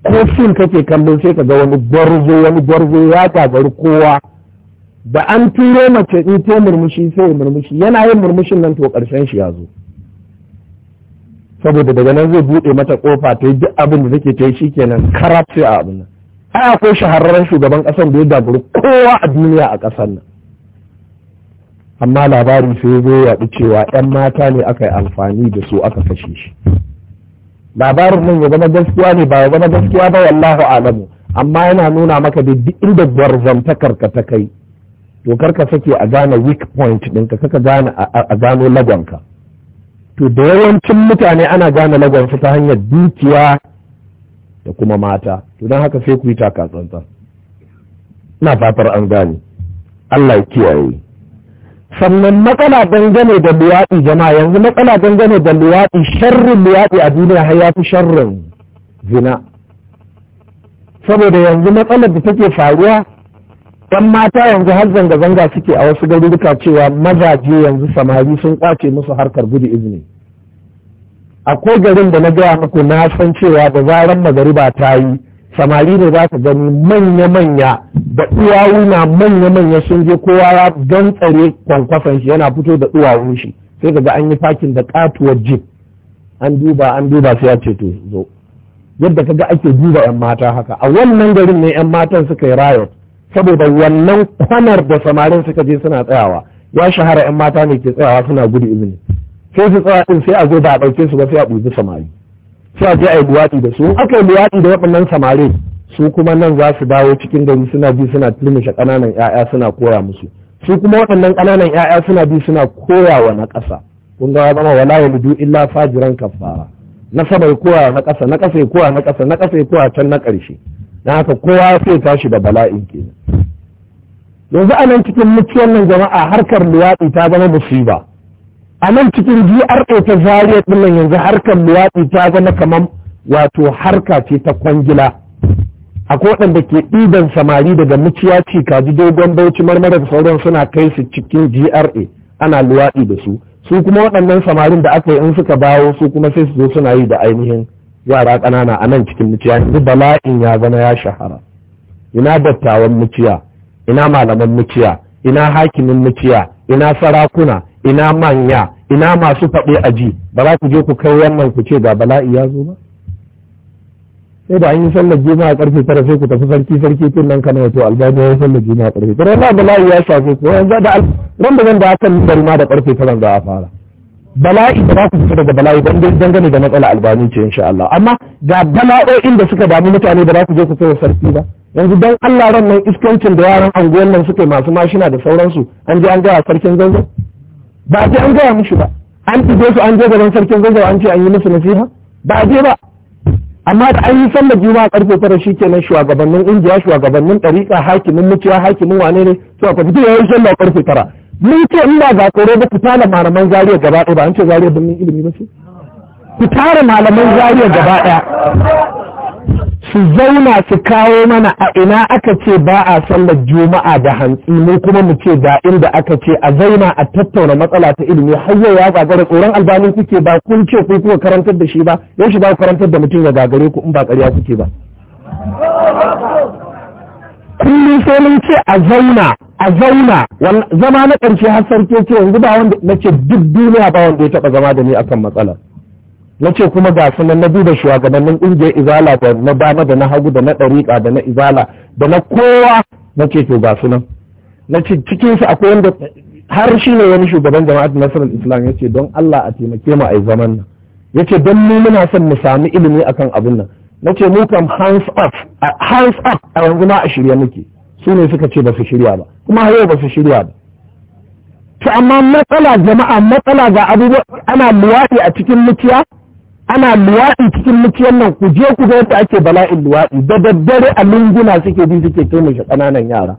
ko fim kake kallon sai ka ga wani gwarzo wani gwarzo ya tagari kowa da an turo mace in ta murmushi sai murmushi yana yin murmushin nan to ƙarshen shi ya zo saboda daga nan zai buɗe mata kofa ta yi duk abin da take ta yi shi kenan sai a abin nan ai akwai shahararren shugaban ƙasan da ya dagari kowa a duniya a ƙasar nan amma labari sai zo ya cewa 'yan mata ne aka yi amfani da su aka kashe shi labarin nan ya zama gaskiya ne ba ya zama gaskiya ba wallahu alamu amma yana nuna maka da duk da gwarzantakar ka ta kai to karka sake a gane weak point ɗinka kaka gane a gano lagonka to da yawancin mutane ana gane lagonsu ta hanyar dukiya da kuma mata to don haka sai ku yi taka tsantsan ina fatar an gane Allah ya kiyaye sannan matsala dangane da luwaɗi jama'a yanzu matsala dangane da luwaɗi sharrin luwaɗi a duniya har ya fi sharrin zina saboda yanzu matsalar da take faruwa ɗan mata yanzu har zanga-zanga suke a wasu garuruka cewa mazaje yanzu samari sun kwace musu harkar gudu izini akwai garin da na gaya muku na san cewa da zaran magariba ta yi samari ne za ka gani manya-manya da duwawuna manya-manya sun je kowa ya don tsare kwankwason shi yana fito da duwawun shi sai ga an yi fakin da katuwar jip an duba an duba sai ya ce to zo yadda ga ake duba yan mata haka a wannan garin ne yan matan suka yi riot saboda wannan kwanar da samarin suka je suna tsayawa ya shahara yan mata ne ke tsayawa suna gudu izini sai su tsaya din sai a zo ba a ɗauke su ba sai a ɓuzi samari sai a je a yi buwaɗi da su aka yi luwaɗi da waɗannan samare su kuma nan za su dawo cikin gari suna bi suna tilmishe ƙananan 'ya'ya suna koya musu su kuma waɗannan ƙananan 'ya'ya suna bi suna koya wa na ƙasa kun ga zama wala ya ludu illa fajiran kafara na sama ya koya na ƙasa na ƙasa ya koya na ƙasa na ƙasa ya koya can na ƙarshe na haka kowa sai tashi da bala'in kenan yanzu a nan cikin mutuwar nan jama'a harkar luwaɗi ta zama musiba a nan cikin GRA ta zariya ɗinnan yanzu harkar luwaɗi ta zama kamar wato harka ce ta kwangila akwai waɗanda ke ɗiban samari daga muciya ce, kaji dogon bauchi marmara da sauran suna kai su cikin GRA ana luwaɗi da su su kuma waɗannan samarin da aka yi in suka bawo su kuma sai su zo suna yi da ainihin yara ƙanana a nan cikin muciya yanzu bala'in ya zama ya shahara ina dattawan muciya ina malaman muciya ina hakimin muciya ina sarakuna ina manya ina masu faɗe a ji ba za ku je ku kai wannan ku ce ga bala'i ya zo ba sai da an yi sallar a karfe tara sai ku tafi sarki sarki tun nan kana wato albani ya yi sallar a karfe tara ba bala'i ya shafe ku yanzu ran da zan da aka bar ma da karfe tara za a fara bala'i da za ku fita daga bala'i ban dai dangane da matsala albani ce insha Allah amma ga bala'o'in da suka damu mutane da za ku je ku kai sarki ba yanzu dan Allah ran nan iskancin da yaran anguwan nan suke masu mashina da sauransu an je an gaya sarkin zanzan ba a je an gaya mushi ba an fito su an je gaban sarkin gaggawa an ce an yi musu nasiha ba a je ba amma da an yi sallar juma'a karfe tara kenan shugabannin indiya shugabannin ɗariƙa hakimin mutuwa, hakimin wane ne to ka fito yawan sallar karfe tara mun ce in ba ga tsoro ba fita da malaman zariya gaba ɗaya ba an ce zariya birnin ilimi ba ce fita da malaman zariya gaba ɗaya su zauna su kawo mana a ina aka ce ba a sallar juma'a da hantsi mu kuma mu ce ga inda aka ce a zauna a tattauna matsala ta ilimi har yau ya gagara tsoron albanin kuke ba kun ce ku kuka karantar da shi ba yau shi ba ku karantar da mutum ya gagare ku in ba ƙarya kuke ba kullum sai mun ce a zauna a zauna zama na ƙarshe har sarki ce yanzu ba wanda nace duk duniya ba wanda ya taɓa zama da ni akan matsalar na ce kuma ga sunan na duba shugabannin ƙungiyar izala da na bana da na hagu da na ɗariƙa da na izala da na kowa na ce to ga sunan na ce su akwai wanda har shi ne wani shugaban jama'at nasarar islam ya ce don allah a taimake mu a zaman nan ya ce don mu muna son mu sami ilimi akan abin nan na ce mu kam hands up hands up a yanzu ma a shirya muke su ne suka ce ba su shirya ba kuma har yau ba su shirya ba to amma matsala jama'a matsala ga abubuwa ana luwaɗi a cikin mutiya ana luwaɗi cikin muciyan nan ku je ku ga yadda ake bala'in luwaɗi da daddare a lunguna suke bi suke turmushe ƙananan yara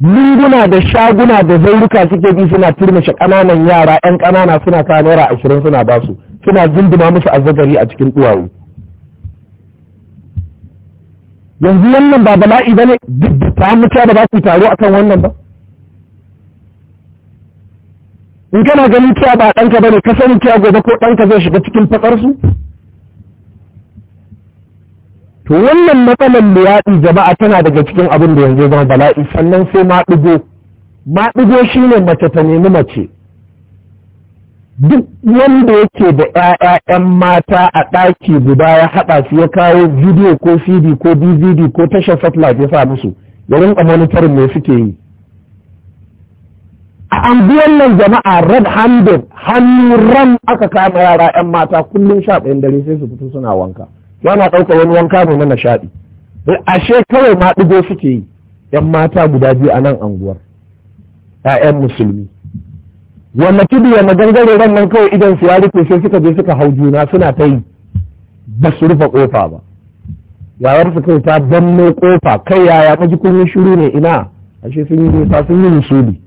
lunguna da shaguna da zauruka suke bi suna turmushe ƙananan yara 'yan ƙanana suna kawo naira ashirin suna basu suna zunduma musu azzagari a cikin duwawu yanzu wannan ba bala'i ba ne duk da ta mutuwa ba za ku taro akan wannan ba in kana ganin cewa ba ɗanka ba ne ka sani cewa gobe ko ɗanka zai shiga cikin fatsarsu to wannan matsalar luwaɗi jama'a tana daga cikin abin da yanzu zama bala'i sannan sai ma ɗigo ma ɗigo shi ne mace ta nemi mace duk wanda yake da ‘ya'ya'yan mata a ɗaki guda ya haɗa su ya kawo bidiyo ko cd ko dvd ko tashar satellite ya sa musu ya rinka monitorin me suke yi a biyan nan jama'a red handed hannu ran aka kama yara yan mata kullum sha ɗayan dare sai su fito suna wanka yana ɗaukar wani wanka ne na nishaɗi ashe kawai ma ɗigo suke yi yan mata guda biyu a nan anguwar ‘ya'yan musulmi wanda tudu ya magangare ran nan kawai idan su ya rufe sai suka je suka hau juna suna ta yi ba su rufe kofa ba yawar su kai ta danne kofa kai yaya maji kun shiru ne ina ashe sun yi nisa sun yi musuli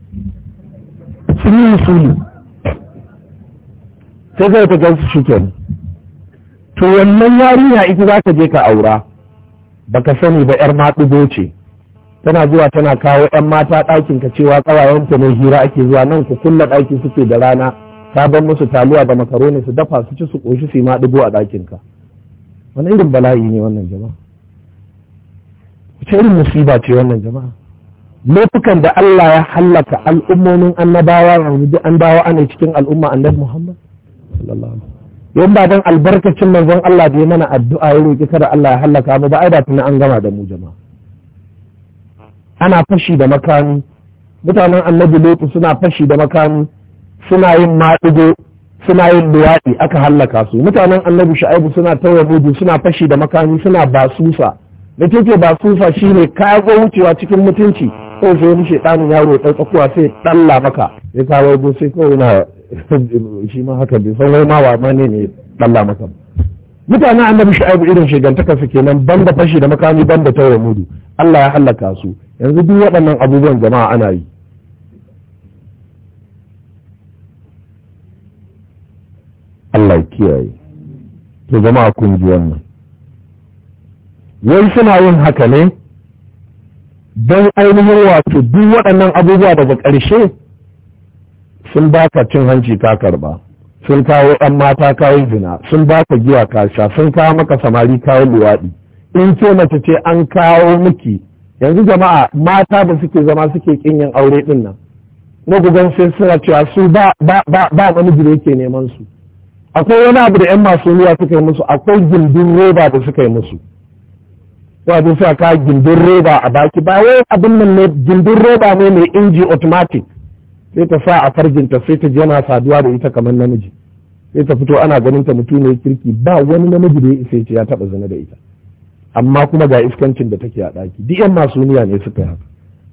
sun suni sai zai ta gansu shi kenan to wannan yarinya ita za ka je ka aura baka sani ba yar maɗugo ce tana zuwa tana kawo yan mata ɗakin ka cewa ƙawayenta ne hira ake zuwa nan ku kulla ɗaki suke da rana sabon musu taluwa da makaroni su dafa su ci su ƙoshi su yi maɗugo a ɗakin ka wani irin bala'i ne wannan jama'a wace irin musiba ce wannan jama'a laifukan da Allah ya hallaka al'ummomin annabawa yanzu an dawo ana cikin al'umma annabi Muhammad Yan ba dan albarkacin manzon Allah da ya mana addu'a ya roƙi kada Allah ya hallaka mu ba ai da tuna an gama da mu jama'a ana fashi da makami mutanen annabi Lutu suna fashi da makami suna yin maɗigo suna yin luwaɗi aka hallaka su mutanen annabi Shu'aibu suna tauye mudu suna fashi da makami suna basusa da take basusa shine ka wucewa cikin mutunci ko sai wani ɗanin yaro ta tsakuwa sai dalla maka ya kawo go sai kawai na *laughs* shi ma haka bai san wai ma wa ma ne ne dalla maka mutanen annabi shu'aibu irin shigantaka su kenan banda fashi da makami banda taura mudu Allah ya halaka su yanzu duk waɗannan abubuwan jama'a ana yi Allah ya kiyaye to jama'a kun ji wannan wai suna yin haka ne don ainihin wato duk waɗannan abubuwa daga ƙarshe sun ba ka cin hanci ka karba sun kawo ɗan mata kawo zina sun baka giya ka sha sun kawo maka samari kawo luwaɗi in ce mace ce an kawo miki yanzu jama'a mata ba suke zama suke kin aure ɗin nan na gugan sai suna cewa su ba wani gida yake neman su akwai wani abu da 'yan masu ruwa suka yi musu akwai gindin roba da suka yi musu wato sa ka gindin roba a baki ba wai abin nan ne gindin roba ne mai inji automatic sai ta sa a farjinta sai ta yana saduwa da ita kamar namiji sai ta fito ana ganin ta mutum mai kirki ba wani namiji da ya ce ya taba zina da ita amma kuma ga iskancin da take a daki duk yan masuniya ne suka haka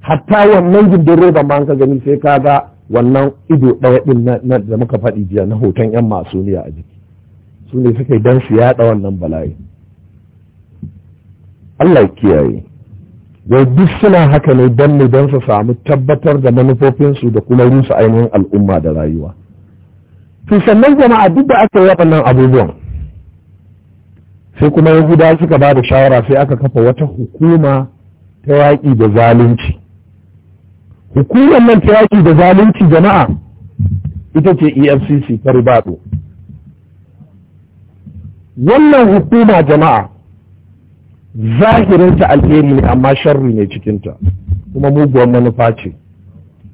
hatta wannan gindin roba ma ka gani sai ka ga wannan ido ɗaya ɗin na da muka faɗi jiya na hoton yan masu masuniya a jiki su ne suka yi dan su yaɗa wannan bala'i Allah kiyaye yau duk suna haka ne don mu don su samu tabbatar da manufofinsu da kuma rusa ainihin al'umma da rayuwa to sannan jama'a duk da aka yi waɗannan abubuwan sai kuma guda suka ba da shawara sai aka kafa wata hukuma ta yaƙi da zalunci hukumar nan ta yaƙi da zalunci jama'a ita ce efcc ta ribaɗo wannan hukuma jama'a zahirinta alheri ne amma sharri ne cikinta kuma muguwar manufa ce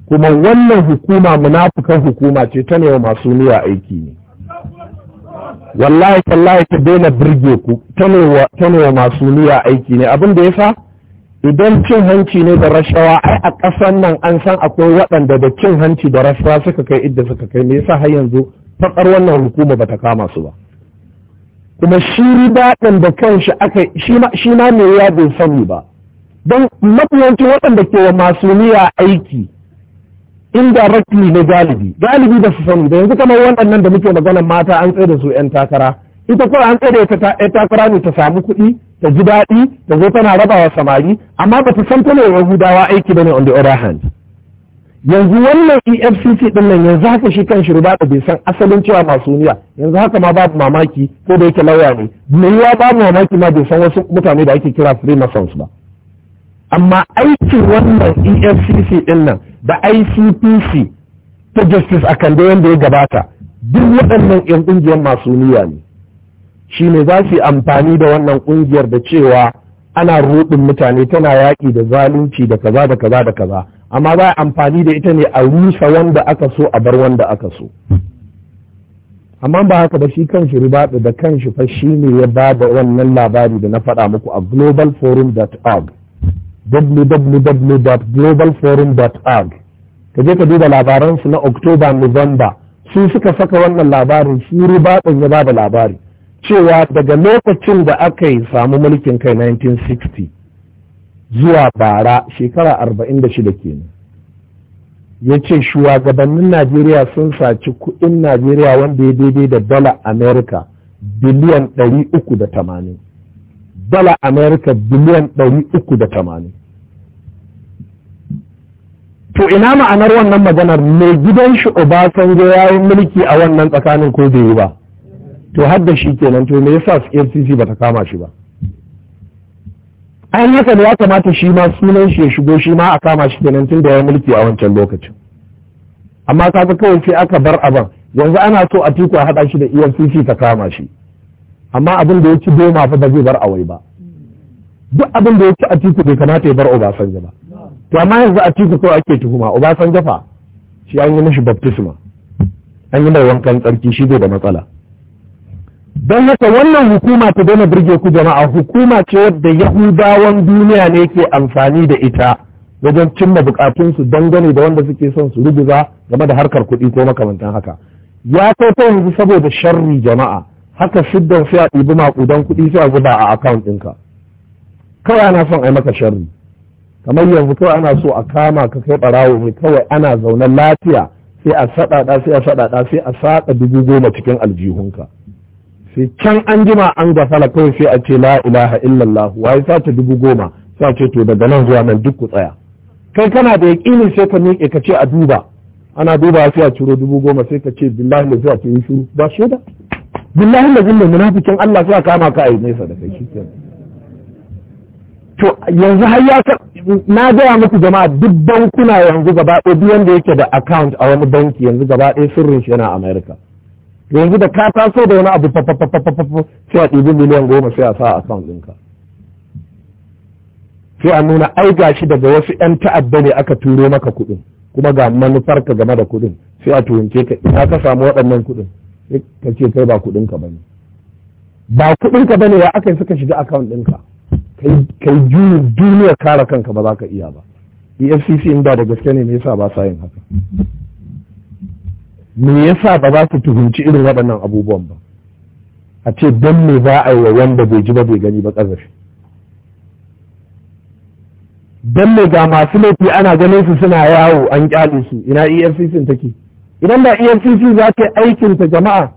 kuma wannan hukuma munafukan hukuma ce ta ne wa masu niyya aiki ne wallahi tallahi ta daina birge ku ta ne wa masu niyya aiki ne abin da ya sa idan cin hanci ne da rashawa ai a ƙasan nan an san akwai waɗanda da cin hanci da rashawa suka kai idda suka kai me yasa har yanzu Fakar wannan hukuma bata kama su ba kuma shi riba ɗin da kanshi aka shi ma mai ya bai sani ba don mafiyanci waɗanda ke wa masuniya aiki indirectly na galibi galibi da su sani da yanzu kamar waɗannan da muke magana mata an tsaye da su 'yan takara ita kuwa an tsaye da ita takara ne ta samu kuɗi ta ji daɗi ta zo tana rabawa samari amma ba ta san ta ne yahudawa aiki ba ne on the other hand yanzu wannan efcc din nan yanzu haka shi kan shirba da bai san asalin cewa masu niyya yanzu haka ma babu mamaki ko da yake lauya ne yiwa babu mamaki ma bai san wasu mutane da ake kira freemasons ba amma aikin wannan efcc din nan da icpc ta justice a kande da ya gabata duk waɗannan 'yan ƙungiyar masu niyya ne shi ne za su yi amfani da wannan ƙungiyar da cewa ana ruɗin mutane tana yaƙi da zalunci da kaza da kaza da kaza amma za a amfani da ita ne a rusa wanda aka so a bar wanda aka so amma ba haka ba shi kanshi ribaɗi da kanshi fa shi ne ya ba da wannan labari da na faɗa muku a globalforum.org www.globalforum.org ka je ka duba labaransu na oktoba november su suka saka wannan labarin shi ribaɗin ya ba da labari cewa daga lokacin da aka yi samu mulkin kai 1960 zuwa bara shekara arba'in da shida kenan ya ce shugabannin najeriya sun saci kuɗin najeriya wanda ya daidai da dala amerika biliyan ɗari uku da tamanin dala amerika biliyan ɗari uku da tamanin to ina ma'anar wannan maganar mai gidan shi obasanjo ya yi mulki a wannan tsakanin ko bai yi ba to har shi kenan to me yasa ba ta kama shi ba an haka da ya kamata shi ma sunan shi ya shigo shi ma a kama shi kenan tun da ya mulki a wancan lokacin amma kaga kawai sai aka bar abin yanzu ana so a tiku a haɗa shi da efcc ta kama shi amma abin da ya ci doma fa ba zai bar wai ba duk abin da ya ci a tiku bai kamata ya bar obasanjo ba to amma yanzu a tiku kawai ake tuhuma obasanjo fa shi an yi mishi baptisma an yi mai wankan tsarki shi bai da matsala don haka wannan hukuma ta daina birge ku jama'a hukuma ce wadda yahudawan duniya ne ke amfani da ita wajen cimma bukatunsu dangane da wanda suke son su rubuza game da harkar kuɗi ko makamantan haka ya kai ta yanzu saboda sharri jama'a haka shiddan sai a ɗibi maƙudan kuɗi sai a zuba a akawun ɗinka kawai ana son a yi maka sharri kamar yanzu kawai ana so a kama ka kai ɓarawo mai kawai ana zaune lafiya sai a saɗaɗa sai a saɗaɗa sai a saɗa dubu goma cikin aljihunka sai can an jima an gafala kawai sai a ce la ilaha illallah wai sace dubu goma sai ce to daga nan zuwa nan duk ku tsaya kai kana da yaƙinin sai ka miƙe ka ce a duba ana duba sai a ciro dubu goma sai ka ce billahi da zuwa ce yi shuru ba da, billahi da zilla munafikin Allah sai kama ka a yi nesa da kai shikenan to yanzu har ya na gaya muku jama'a duk bankuna yanzu gaba ɗaya duk wanda yake da account a wani banki yanzu gaba ɗaya sirrin shi yana America yanzu da ka taso da wani abu sai a miliyan goma sai a sa sai a nuna ai gashi daga wasu 'yan ta'adda aka turo maka kuɗin kuma ga game da kuɗin sai a waɗannan kuɗin ce kai ba shiga ɗinka kare kanka ba ka iya ba efcc in gaske me yasa haka me yasa ba za su tuhunci irin waɗannan abubuwan ba a ce don me za a yi wa wanda bai ji ba bai gani ba ƙazafi don me ga masu laifi ana ganin su suna yawo an kyale su ina efcc take idan da efcc za ta yi ta jama'a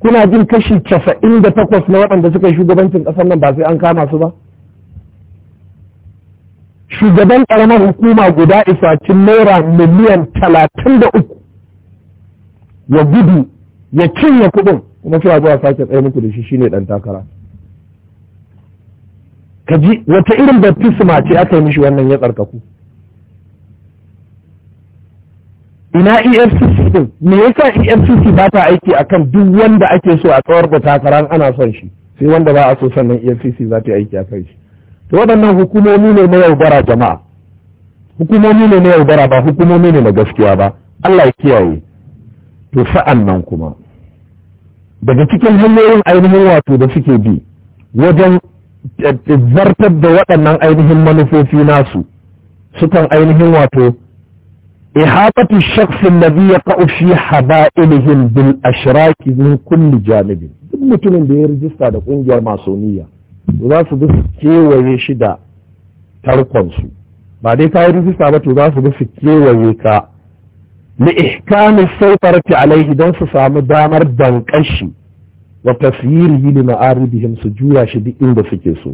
kuna jin kashi casa'in da takwas na waɗanda suka yi shugabancin ƙasar nan ba sai an kama su ba shugaban ƙaramar hukuma guda isa cin naira miliyan talatin da uku ya gudu ya cinye kuɗin kuma cewa a zuwa sake tsaye muku da shi shine dan takara kaji wata irin baptisma ce aka yi mishi wannan ya tsarkaku ina efcc din me yasa efcc ba ta aiki akan duk wanda ake so a tsawar da takara ana son shi sai wanda ba a so sannan efcc za ta aiki a kai shi to waɗannan hukumomi ne na yaudara jama'a hukumomi ne na yaudara ba hukumomi ne na gaskiya ba allah ya kiyaye to sa'an nan kuma daga cikin hanyoyin ainihin wato da suke bi wajen eh, eh, zartar da waɗannan ainihin manufofi nasu sukan ainihin wato ihaɓatu shakfin da biya ƙa'ushi ilihin bil ashiraki min kulli janibin duk mutumin da ya rijista da ƙungiyar masoniya za su bi kewaye shi da tarkonsu ba dai ka yi rijista ba to za su bi kewaye ka li ihkami sautarati alaihi don su samu damar dankan wa wa tasyirihi li ma'aribihim su juya shi duk inda suke so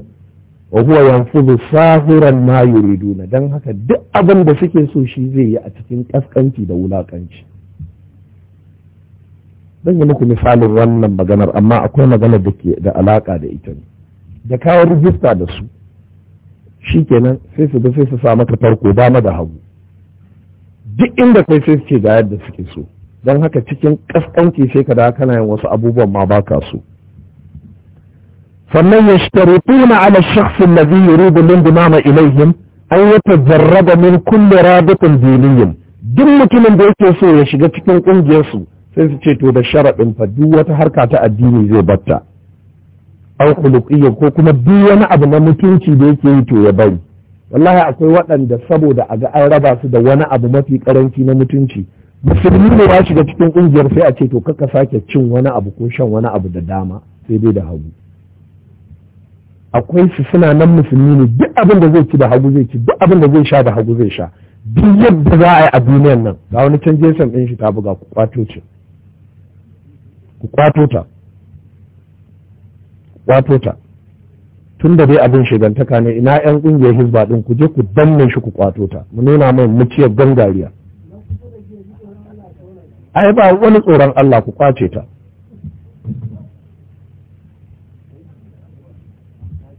wa huwa yanfudu sahiran ma yuriduna dan haka duk abin da suke so shi zai yi a cikin kaskanci da wulakanci zan yi muku misalin wannan maganar amma akwai maganar da ke da alaƙa da ita ne da kawo rijista da su kenan sai su sai su sa mata farko dama da hagu duk inda kai sai suke ga yadda suke so don haka cikin kaskanci sai ka da kana yin wasu abubuwan ma baka so sannan ya shtarutuna ala shakhs alladhi yuridu lindimama ilaihim an yatajarraba min kulli rabitin diniyin duk mutumin da yake so ya shiga cikin kungiyar su sai su ce to da sharaɗin fa duk wata harka ta addini zai batta au khuluqiyya ko kuma duk wani abu na mutunci da yake yi to ya bari wallahi akwai waɗanda saboda a ga an raba su da wani abu mafi karanci na mutunci musulmi ne ya shiga cikin ƙungiyar sai a ce to kaka sake cin wani abu ko shan wani abu da dama sai dai da hagu akwai su suna nan musulmi ne duk abin da zai ci da hagu zai ci duk abin da zai sha da hagu zai sha duk yadda za a yi a duniyan nan ga wani can jesan ɗin shi ta buga ku kwato ce ku kwato ta tun da dai abin shigantaka ne ina yan ƙungiyar hisba din ku je ku danne shi ku kwato ta mu nuna mai muciyar gangariya ai ba wani tsoron Allah ku kwace ta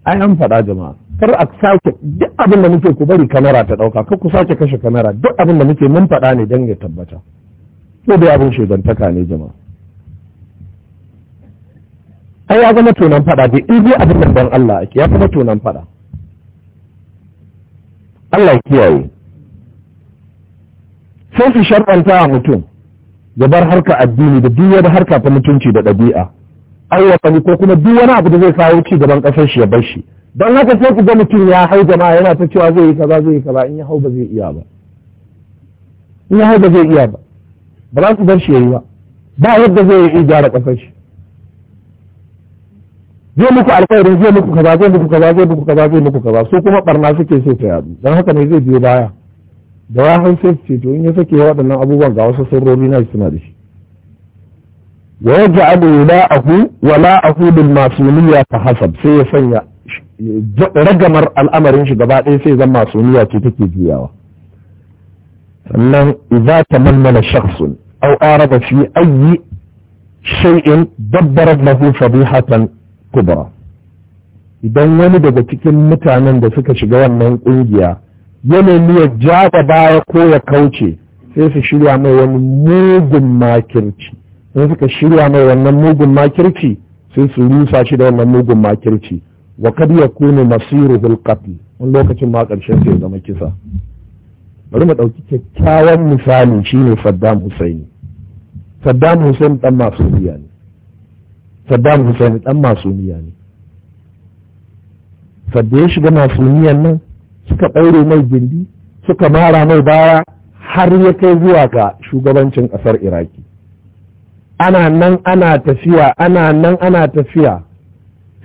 ai an faɗa jama'a kar a sake duk abin da muke ku bari kamera ta ɗauka kar ku sake kashe kamera duk abin da muke mun faɗa ne don ya tabbata ko dai abin shigantaka ne jama'a ai ya zama tunan fada dai in zai abin don Allah ake ya zama tunan fada Allah ya kiyaye sai su shar'anta a mutum ya bar harka addini da duk wani harka ta mutunci da ɗabi'a ayyukan ko kuma duk wani abu da zai kawo ci gaban ƙasar shi ya bar shi don haka sai ku ga mutum ya hau jama'a yana ta cewa zai yi kaza zai yi kaza in ya hau ba zai iya ba in ya hau ba zai iya ba ba za su bar shi ya yi ba ba yadda zai yi gyara ƙasar shi zai muku alkhairin zai muku kaza zai muku kaza zai muku kaza zai muku kaza su kuma barna suke so ta yadu don haka ne zai biyo baya da ya hau sai ce to in ya sake waɗannan abubuwan ga wasu sirrori na suna da shi wa yaj'alu la'ahu wa la'ahu bil masumiyya ta hasab sai ya sanya ragamar al'amarin shi gaba ɗaya sai zan masuniya ce take juyawa sannan idza tamalmala shakhsun aw arada fi ayyi shay'in dabbarat lahu fadihatan kubra idan wani daga cikin mutanen da suka shiga wannan kungiya ya nemi ya ja da baya ko ya kauce sai su shirya mai wani mugun makirci in suka shirya mai wannan mugun makirci sai su rusa shi da wannan mugun makirci wa ya yakunu masiru qatl wani lokacin ma karshen sai zama kisa bari mu ɗauki kyakkyawan misali shine Saddam Hussein Saddam Hussein dan Masudiya ne saddam hussein dan masumiya ne sadda ya shiga masumiyan nan suka ɗaure mai gindi suka mara mai baya har ya kai zuwa ga shugabancin ƙasar iraki ana nan ana tafiya ana nan ana tafiya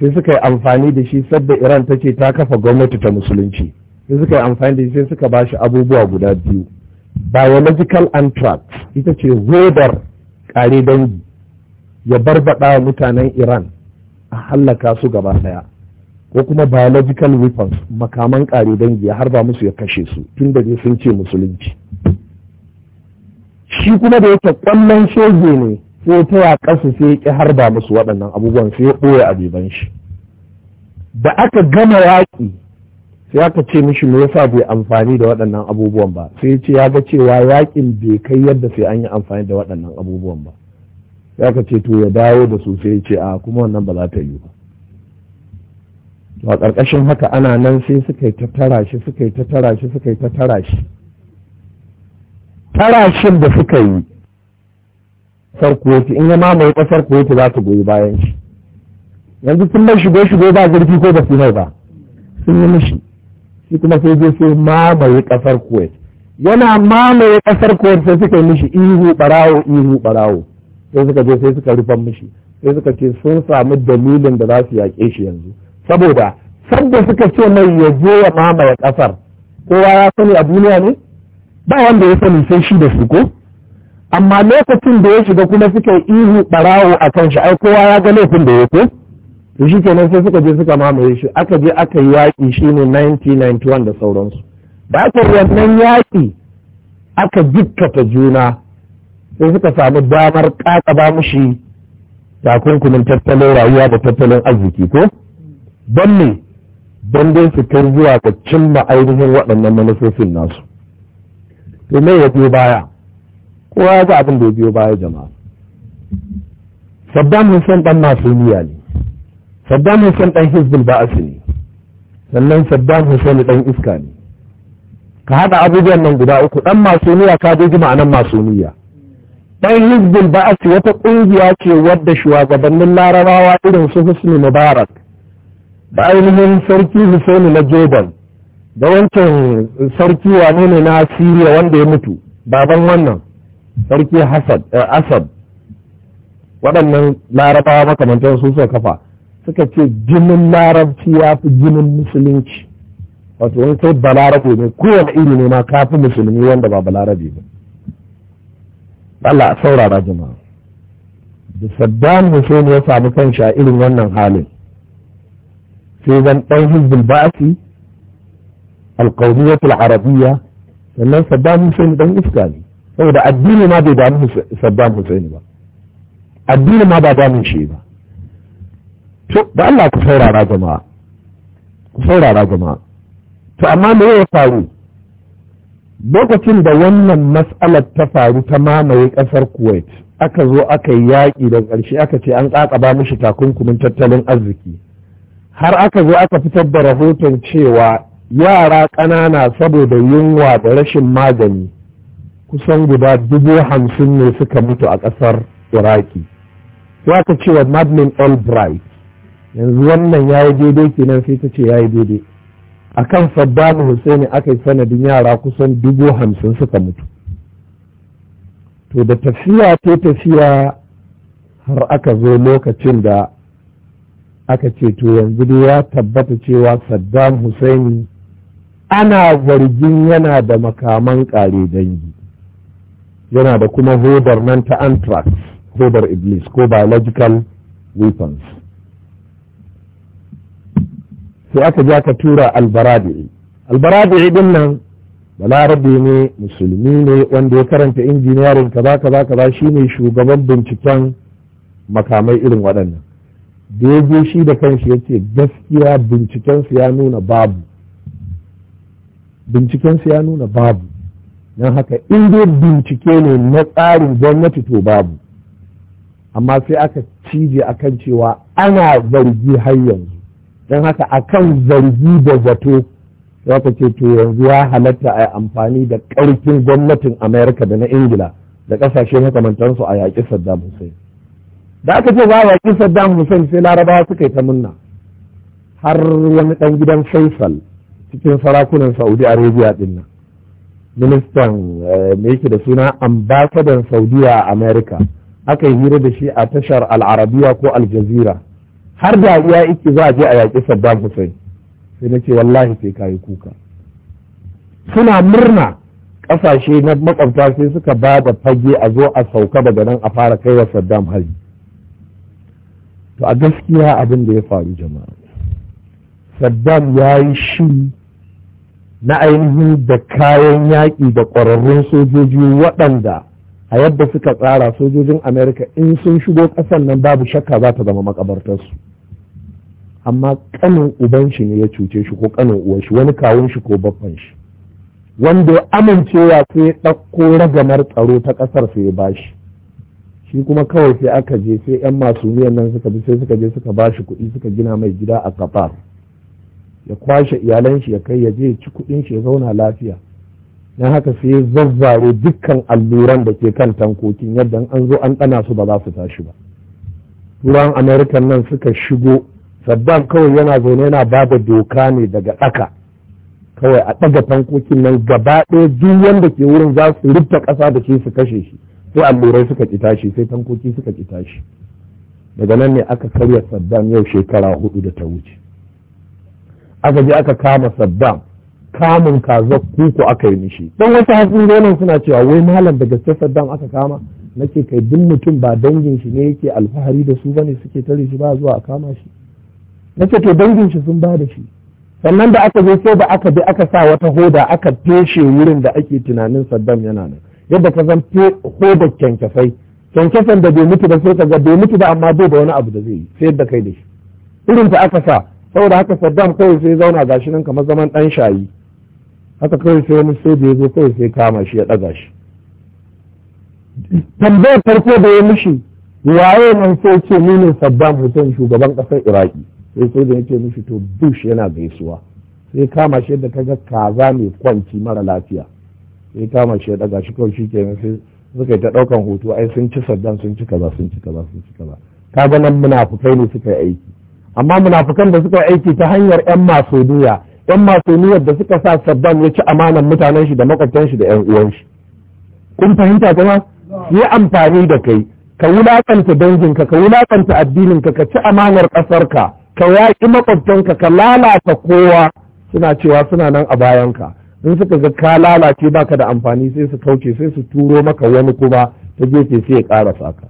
sai suka yi amfani da shi sadda iran ta ta kafa gwamnati ta musulunci sai suka yi amfani da shi sai suka ba shi abubuwa guda biyu biological anthrax ita ce hodar ƙare dangi ya barbaɗa mutanen iran a hallaka su gaba ɗaya ko kuma biological weapons makaman ƙare dangi ya harba musu ya kashe su tun da ne sun ce musulunci shi kuma da yake ƙwallon shege ne sai ta ya ƙasa sai ya ƙi harba musu waɗannan abubuwan sai ya ɓoye abiban shi da aka gama yaƙi sai aka ce mishi me yasa bai amfani da waɗannan abubuwan ba sai ya ce ya ga cewa yaƙin bai kai yadda sai an yi amfani da waɗannan abubuwan ba ya ka ce to ya dawo da su sai ce a kuma wannan ba za ta yi ba a ƙarƙashin haka ana nan sai suka yi ta tara shi suka yi ta tara shi suka yi ta tara shi tara da suka yi ƙasar in ya mamaye ƙasar kuwaiti za ta goyi bayan shi yanzu sun bar shigo shigo ba zurfi ko ba su mai ba sun yi mishi shi kuma sai zai sai mamaye ƙasar kuwait yana mamaye ƙasar kuwait sai suka yi mishi ihu ɓarawo ihu ɓarawo sai suka je sai suka rufan mishi sai suka ce sun samu dalilin da za su yaƙe shi yanzu saboda sanda suka ce mai ya je ya mamaye ƙasar kowa ya sani a duniya ne ba wanda ya sani sai shi da su ko amma lokacin da ya shiga kuma suka yi ihu ɓarawo a kan shi ai kowa ya ga laifin da ya ko to shi kenan sai suka je suka mamaye shi aka je aka yi yaƙi shi ne 1991 da sauransu da aka yi wannan yaƙi aka jikkata juna sai suka samu damar ba mushi takunkumin tattalin rayuwa da tattalin arziki ko don ne don dai su kai zuwa ga cimma ainihin waɗannan manufofin nasu to me ya biyo baya kowa ya ga abin da ya biyo baya jama'a saddam hussein masu masuniya ne saddam hussein ɗan hizbul ba'as ne sannan saddam hussein ɗan iska ne ka haɗa abubuwan nan guda uku masu masuniya ka je ji ma'anan masuniya ɗan hizbul ba'asi wata ƙungiya ce wadda shugabannin larabawa irin su husni mubarak da ainihin sarki husaini na jordan da wancan sarki wane ne na siriya wanda ya mutu baban wannan sarki asad eh, waɗannan larabawa makamantar su suka kafa suka ce jinin larabci ya fi jinin musulunci wato wani kai balarabe ne kowane iri ne ma kafi musulmi wanda ba balarabe ba Allah a saurara jama'a da Saddam Hussein ya samu kanshi a irin wannan halin sai zan ɗan hizbul ba'asi alƙauniyatul arabiyya sannan Saddam Hussein dan iska ne saboda addini ma bai damu Saddam Hussein ba addini ma ba damun shi ba to da Allah ku saurara jama'a ku saurara jama'a to amma me ya faru lokacin da wannan matsalar ta faru ta mamaye ƙasar kuwait aka zo aka yi yaƙi da ƙarshe aka ce an ƙaƙaba mishi takunkumin tattalin arziki har aka zo aka fitar da rahoton cewa yara ƙanana saboda yunwa da rashin magani kusan guda dubu hamsin ne suka mutu a ƙasar iraki sai aka cewa wa albright yanzu wannan ya yi daidai kenan sai ta ce ya yi daidai a kan saddam hussein aka yi sanadin yara kusan dubu hamsin suka mutu to da tafiya ta tafiya har aka zo lokacin da aka ce to yanzu dai ya tabbata cewa saddam hussein ana zargin yana da makaman ƙare dangi yana da kuma hodar nan ta anthrax hodar iblis ko biological weapons sai aka ja ka tura albaradi'i albaradi'i din nan balarabe ne musulmi ne wanda ya karanta injiniyarin ka ba shi ne shugaban binciken makamai irin waɗannan da ya je shi da kanshi ya ce gaskiya bincikensu ya nuna babu bincikensu ya nuna babu don haka in bincike ne na tsarin gwamnati to babu amma sai aka cije akan cewa ana zargi har yanzu don haka a kan zargi da zato za ka ce to yanzu ya halatta a amfani da ƙarfin gwamnatin amerika da na ingila da ƙasashe makamantansu a yaƙi saddam hussein da aka ce za a yaƙi saddam hussein sai larabawa suka yi ta munna har wani ɗan gidan faisal cikin sarakunan saudi arabia ɗin nan ministan eh, me yake da suna ambasadan saudiya a amerika aka yi hira da shi a tashar al'arabiya ko aljazira har da ya iki za a je a yaƙi saddam hussein sai na ce wallahi sai kayi kuka suna murna ƙasashe na makwabta sai suka ba da fage a zo a sauka daga nan a fara kai wa saddam hari to a gaskiya abin da ya faru jama'a saddam ya yi shi na ainihin da kayan yaƙi da ƙwararrun sojoji waɗanda a yadda suka tsara sojojin amerika in sun shigo ƙasar nan babu shakka za ta zama makabartarsu amma kanin uban shi ne ya cuce shi ko kanin uwan shi wani kawun shi ko babban shi wanda ya amincewa sai ya ɗauko ragamar tsaro ta ƙasar sai ya bashi shi kuma kawai sai aka je sai yan masu miyan nan suka bi sai suka je suka ba shi kuɗi suka gina mai gida a kafar ya kwashe iyalan shi ya kai ya je ci kuɗin shi ya zauna lafiya na haka sai ya zazzaro dukkan alluran da ke kan tankokin yadda an zo an ɗana su ba za su tashi ba turan amerikan nan suka shigo saddam kawai yana zaune yana ba da doka ne daga ɗaka kawai a ɗaga tankokin nan gaba ɗaya duk wanda ke wurin za su rufe ƙasa da shi su kashe shi sai allurai suka ƙi tashi sai tankoki suka ƙi tashi daga nan ne aka karya saddam yau shekara hudu da ta wuce aka je aka kama saddam kamun kaza kuku aka yi mishi don wasu hatsin suna cewa wai malam da gaske saddam aka kama nake kai duk mutum ba dangin shi ne yake alfahari da su bane suke tare shi ba zuwa a kama shi na ce to dangin shi sun ba da shi sannan da aka zo sai da aka bi aka sa wata hoda aka feshe wurin da ake tunanin saddam yana nan yadda ka zan hoda kyankyasai kyankyasan da bai mutu ba sai ka ga bai mutu ba amma bai da wani abu da zai yi sai da kai da shi irin ta aka sa saboda haka saddam kawai sai zauna gashi nan kamar zaman dan shayi haka kawai sai wani sai da ya zo kawai sai kama shi ya ɗaga shi tambayar farko da ya mishi waye nan sai ce ni ne saddam hussein shugaban ƙasar iraki sai sojan ya ce mishi to bush yana gaisuwa sai kama shi da kaga kaza mai kwanci mara lafiya sai kama shi daga shi kawai shi kenan sai suka yi ta daukan hoto ai sun ci saddan sun ci kaza sun ci kaza sun ci kaza kaga nan munafukai ne suka yi aiki amma munafukan da suka yi aiki ta hanyar yan masoniya yan masoniyar da suka sa saddan ya ci amanan mutanen shi da makwabtan shi da yan uwan shi kun fahimta kuma yi amfani da kai ka wulakanta danginka ka wulakanta addininka ka ci amanar ƙasarka ka yaƙi makwabtanka ka lalata kowa suna cewa suna nan a bayanka in suka ga ka lalace baka da amfani sai su kauce sai su turo maka wani kuma ta gefe sai ya ƙara saka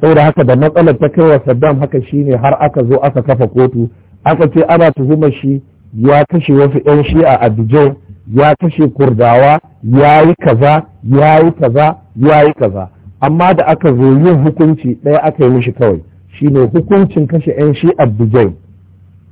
saboda haka da matsalar ta kai wa saddam haka shine har aka zo aka kafa kotu aka ce ana tuhumar shi ya kashe wasu 'yan shi'a a abidjan ya kashe kurdawa ya yi kaza ya yi kaza ya yi kaza amma da aka zo yin hukunci ɗaya aka yi mishi kawai shine hukuncin kashe 'yan shi abdujai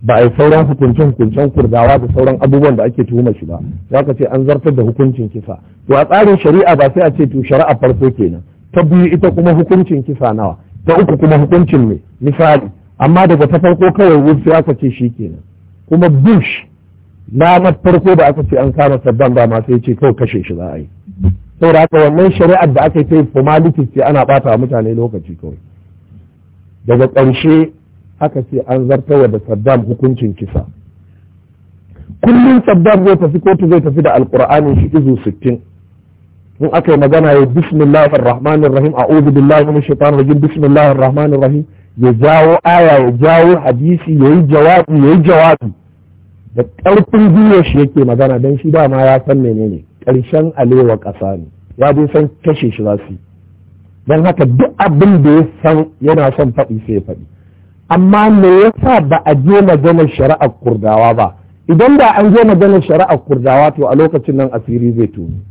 ba a yi sauran hukuncin hukuncin kurdawa da sauran abubuwan da ake tuhuma shi ba za ka ce an zartar da hukuncin kisa to a tsarin shari'a ba sai a ce to shari'a farko kenan ta biyu ita kuma hukuncin kisa nawa ta uku kuma hukuncin ne misali amma daga ta farko kawai wuf sai aka ce shi kenan kuma bush na farko da aka ce an kama saddam ba ma sai ce kawai kashe shi za a yi saboda haka wannan shari'ar da aka yi ta formalities ce ana bata mutane lokaci kawai daga ƙarshe aka ce an zartawa da saddam hukuncin kisa kullum saddam zai tafi kotu zai tafi da alƙur'anin shi izu sittin in aka yi magana ya bismillah ar-rahman ar-rahim a'udhu billahi minash shaitanir rajim bismillah ar-rahman ar-rahim ya jawo aya ya jawo hadisi yayi jawabi yayi jawabi da ƙarfin gwiwar shi yake magana don shi dama ya san menene ƙarshen alewa ƙasa ne ya dai san kashe shi za su yi don haka duk abin da ya san yana son faɗi sai ya faɗi amma me yasa ba a je maganar shari'ar kurdawa ba idan da an je maganar shari'ar kurdawa to a lokacin nan asiri zai tuni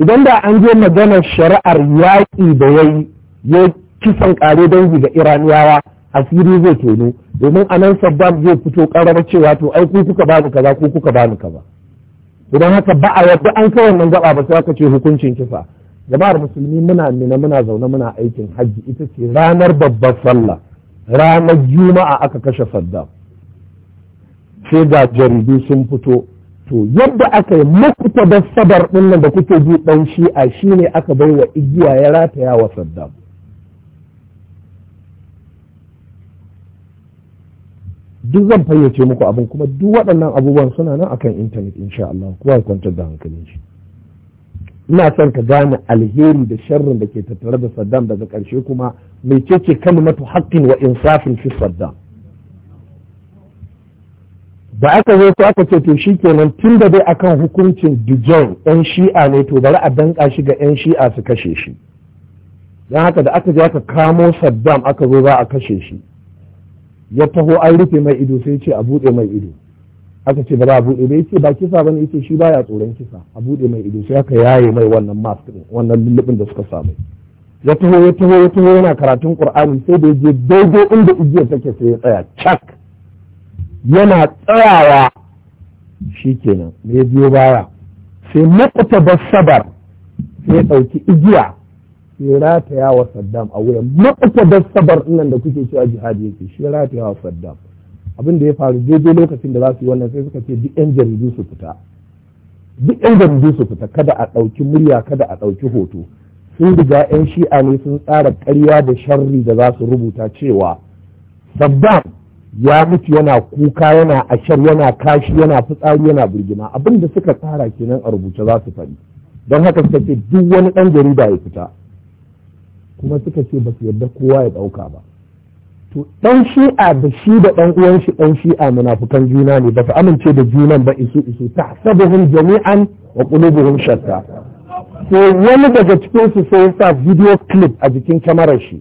idan da an je maganar shari'ar yaƙi da ya yi ya kisan ƙare dangi ga iraniyawa asiri zai tono domin a nan saddam zai fito ƙarar cewa to ai ku kuka bani kaza ku kuka bani kaza idan haka ba a yadda an kawai nan gaba ba sai aka ce hukuncin kisa jama'ar musulmi muna nuna muna zaune muna aikin hajji ita ce ranar babbar sallah ranar juma'a aka kashe saddam sai ga jaridu sun fito to yadda aka yi makuta da sabar ɗinnan da kuke ji ɗan shi'a ne aka bai wa igiya ya rataya wa saddam duk zan fayyace muku abin kuma duk waɗannan abubuwan suna nan akan intanet insha Allah kowa ya kwantar da hankalin shi ina son ka gane alheri da sharrin da ke tattare da saddam daga ƙarshe kuma mai kan kalmatu haƙƙin wa insafin fi saddam da aka zo ko aka ce to shi kenan tun da dai akan hukuncin dijon yan shi'a ne to bari a danka shi ga yan shi'a su kashe shi don haka da aka je aka kamo saddam aka zo za a kashe shi ya taho an rufe mai ido sai ce a buɗe mai ido aka ce ba za a buɗe ba yace ba kisa bane yace shi baya tsoron kisa a buɗe mai ido sai aka yaye mai wannan mask din wannan lullubin da suka samu ya taho ya taho ya taho yana karatun qur'ani sai da je daidai inda igiyar take sai ya tsaya cak yana tsayawa shikenan me ya biyo baya sai mukuta sabar sai ya ɗauki igiya sai ya rataya wa saddam a wuyan mukuta sabar nan da kuke cewa jihadi yake shi rataya wa saddam abin da ya faru daidai lokacin da za su yi wannan sai suka ce duk yan jaridu su fita duk yan jaridu su fita kada a ɗauki murya kada a ɗauki hoto sun riga yan shi'a ne sun tsara ƙarya da sharri da za su rubuta cewa saddam ya mutu yana kuka yana ashar yana kashi yana fitsari yana birgima abin da suka tsara kenan a rubuce za su faɗi don haka suka ce duk wani ɗan jarida ya fita kuma suka ce ba su yarda kowa ya ɗauka ba to ɗan shi'a da shi da ɗan uwan shi ɗan shi'a munafukan juna ne ba su amince da junan ba isu isu ta sabuhun jami'an wa qulubuhum shatta to wani daga cikin su sai sa video clip a jikin kyamarar shi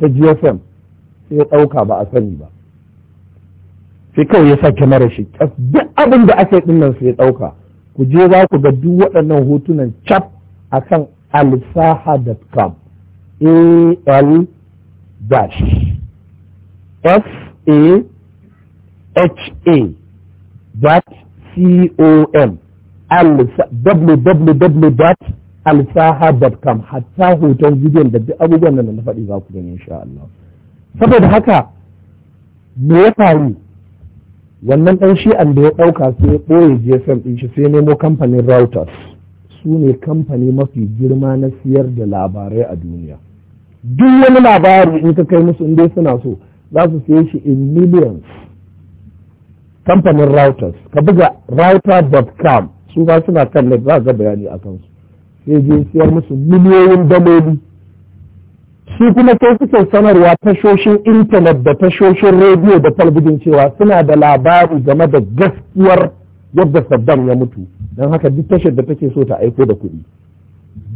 ta GSM sai ya ɗauka ba a sani ba sai kawai ya sa kyamarar shi duk abin da aka yi dinnan sai ya ɗauka ku je za ku ga duk waɗannan hotunan cap akan alsaha.com al dash f a h a dot c o m com hatta hoton bidiyon da duk abubuwan da na faɗi za ku gani insha Allah saboda haka me ya faru wannan ɗan shi an da ya ɗauka sai ya ɓoye GSM ɗin shi sai nemo kamfanin routers su ne kamfani mafi girma na siyar da labarai a duniya duk wani labari in ka kai musu in dai suna so za su siye shi in millions kamfanin routers ka buga router.com su ba suna kan net za ga bayani a kansu sai je siyar musu miliyoyin daloli shi kuma sai suke sanarwa tashoshin intanet da tashoshin rediyo da talbijin cewa suna da labari game da gaskiyar yadda saddam ya mutu don haka duk tashar da take so ta aiko da kuɗi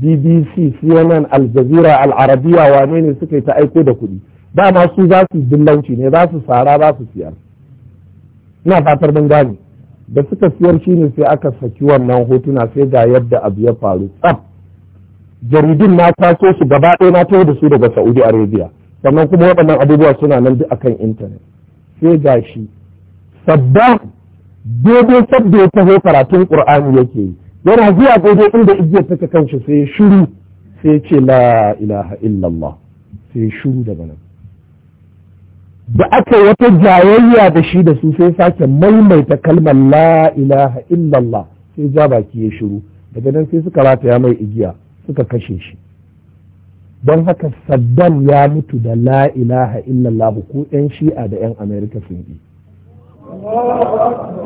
bbc cnn al jazeera al arabiya wane ne suka yi ta aiko da kuɗi dama su za su dillanci ne za su sara za su siyar ina fatar mun gane da suka siyar shi ne sai aka saki wannan hotuna sai ga yadda abu ya faru tsaf jaridun na taso su gaba ɗaya na taho da su daga saudi arabia sannan kuma waɗannan abubuwa suna nan duk akan intanet sai ga shi sabbin daidai sabda ya taho karatun ƙur'ani yake yi yana zuwa gobe inda igiyar taka kanshi sai shiru sai ce la ilaha illallah sai shiru daga nan da aka wata jayayya da shi da su sai sake maimaita kalmar la ilaha illallah sai ja baki ya shiru daga nan sai suka ya mai igiya suka kashe shi don haka saddam ya mutu da la ilaha illallah ko 'yan shi'a da 'yan amerika sun yi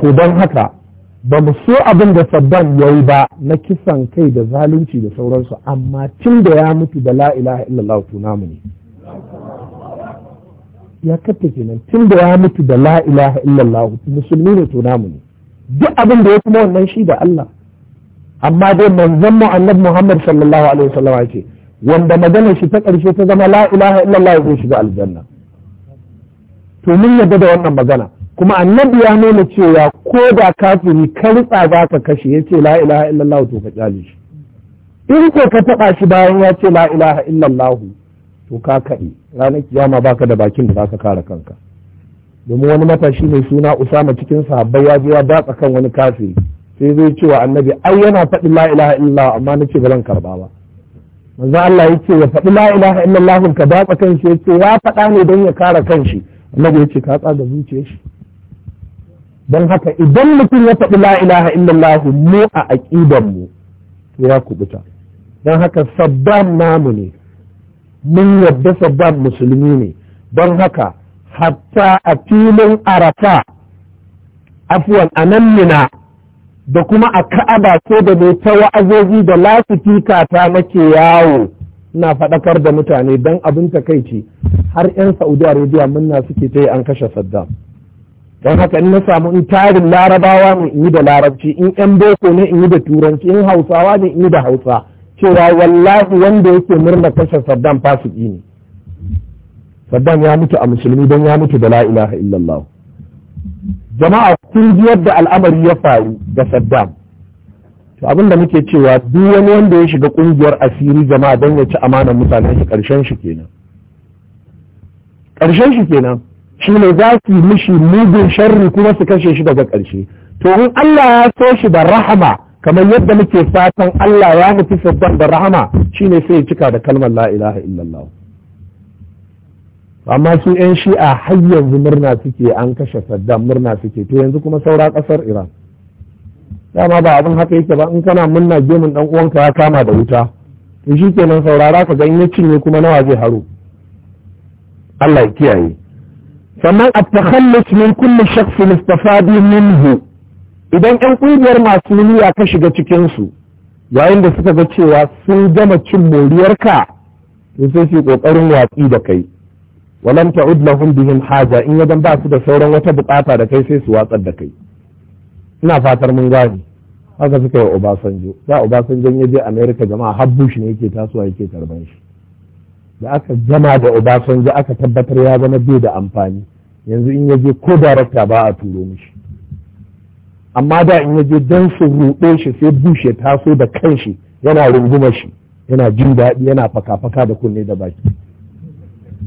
to don haka ba mu so abin da saddam ya yi ba na kisan kai da zalunci da sauransu amma tun da ya mutu da la ilaha illallah to namu ne ya kafa kenan tun da ya mutu da la ilaha illallah musulmi ne to namu ne duk abin da ya kuma wannan shi da Allah amma dai manzon mu annabi Muhammad sallallahu alaihi wasallam ce wanda magana shi ta karshe ta zama la ilaha illallah ya shiga aljanna to mun yadda da wannan magana kuma annabi ya nuna cewa ko da kafiri ka rutsa za ka kashe ya ce la ilaha illallah to ka kyale shi in ko ka taba shi bayan ya ce la ilaha illallah to ka kaɗe ranar kiyama baka da bakin da zaka kare kanka domin wani matashi mai suna usama cikin sahabbai ya je ya kan wani kafiri sai zai cewa annabi ai yana faɗi la ilaha illallah amma nace ba zan karba ba manzo Allah yace ya faɗi la ilaha Allah ka batsa kan shi yace ya faɗa ne don ya kare kanshi annabi yace ka tsaga zuciyar shi don haka idan mutum ya faɗi la ilaha Allah mu a aqidan mu ya kubuta don haka sabban namu ne mun yadda saddam musulmi ne don haka hatta a filin arafa afuwan a nan mina da kuma a ka'aba ko da mai ta wa'azozi da lasifika ta yawo na faɗakar da mutane don abin ta takaici har 'yan saudi arabia munna suke ta yi an kashe saddam don haka in na samu in tarin larabawa ne in yi da larabci in 'yan boko ne in yi da turanci in hausawa ne in yi da hausa cewa wallahi wanda yake murna kashe saddam fasiki ne saddam ya mutu a musulmi don ya mutu da la ilaha illallah jama'a kun ji yadda al'amari ya faru da saddam to abin da muke cewa duk wani wanda ya shiga kungiyar asiri jama'a don ya ci amanar mutanen shi karshen shi kenan karshen shi kenan shi ne za su yi mishi mugun sharri kuma su kashe shi daga karshe to in Allah ya so shi da rahama kamar yadda muke fatan Allah ya nufi sabban da rahama shine sai ya cika da kalmar la illallah amma su yan shi'a har yanzu murna suke an kashe saddam murna suke to yanzu kuma saura kasar iran dama ba abin haka yake ba in kana murna gemun dan uwanka ya kama da wuta to shi kenan saurara ka ga ya cinye kuma nawa zai haro Allah ya kiyaye sannan at-takhallus min kulli shakhsin istafadi minhu idan 'yan ƙungiyar masu miliya ka shiga cikinsu yayin da suka ga cewa sun gama cin moriyarka ka sai su ƙoƙarin watsi da kai walam ta'ud lahum bihim haja in ya ba su da sauran wata bukata da kai sai su watsar da kai ina fatar mun gani haka suka yi Obasanjo da Obasanjo ya je America jama'a har Bush ne yake tasowa yake karban shi da aka gama da Obasanjo aka tabbatar ya zama bai da amfani yanzu in ya je ko darakta ba a turo mishi amma da in yaje dan su ruɓe shi sai bushe ya taso da kanshi yana runguma shi yana jin daɗi yana faka-faka da kunne da baki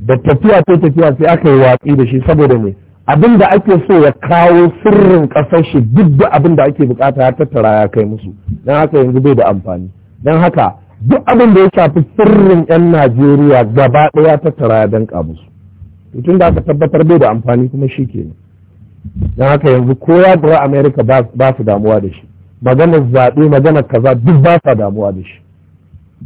da tafiya ta tafiya sai aka yi watsi da shi saboda me abin da ake so ya kawo sirrin ƙasar shi duk da abin da ake bukata ya tattara ya kai musu dan haka yanzu bai da amfani dan haka duk abin da ya shafi sirrin 'yan najeriya gaba ɗaya tattara ya danƙa musu tun da aka tabbatar bai da amfani kuma shi kenan don haka yanzu ko ya dora amerika ba su damuwa da shi maganar zaɓe magana kaza duk ba sa damuwa da shi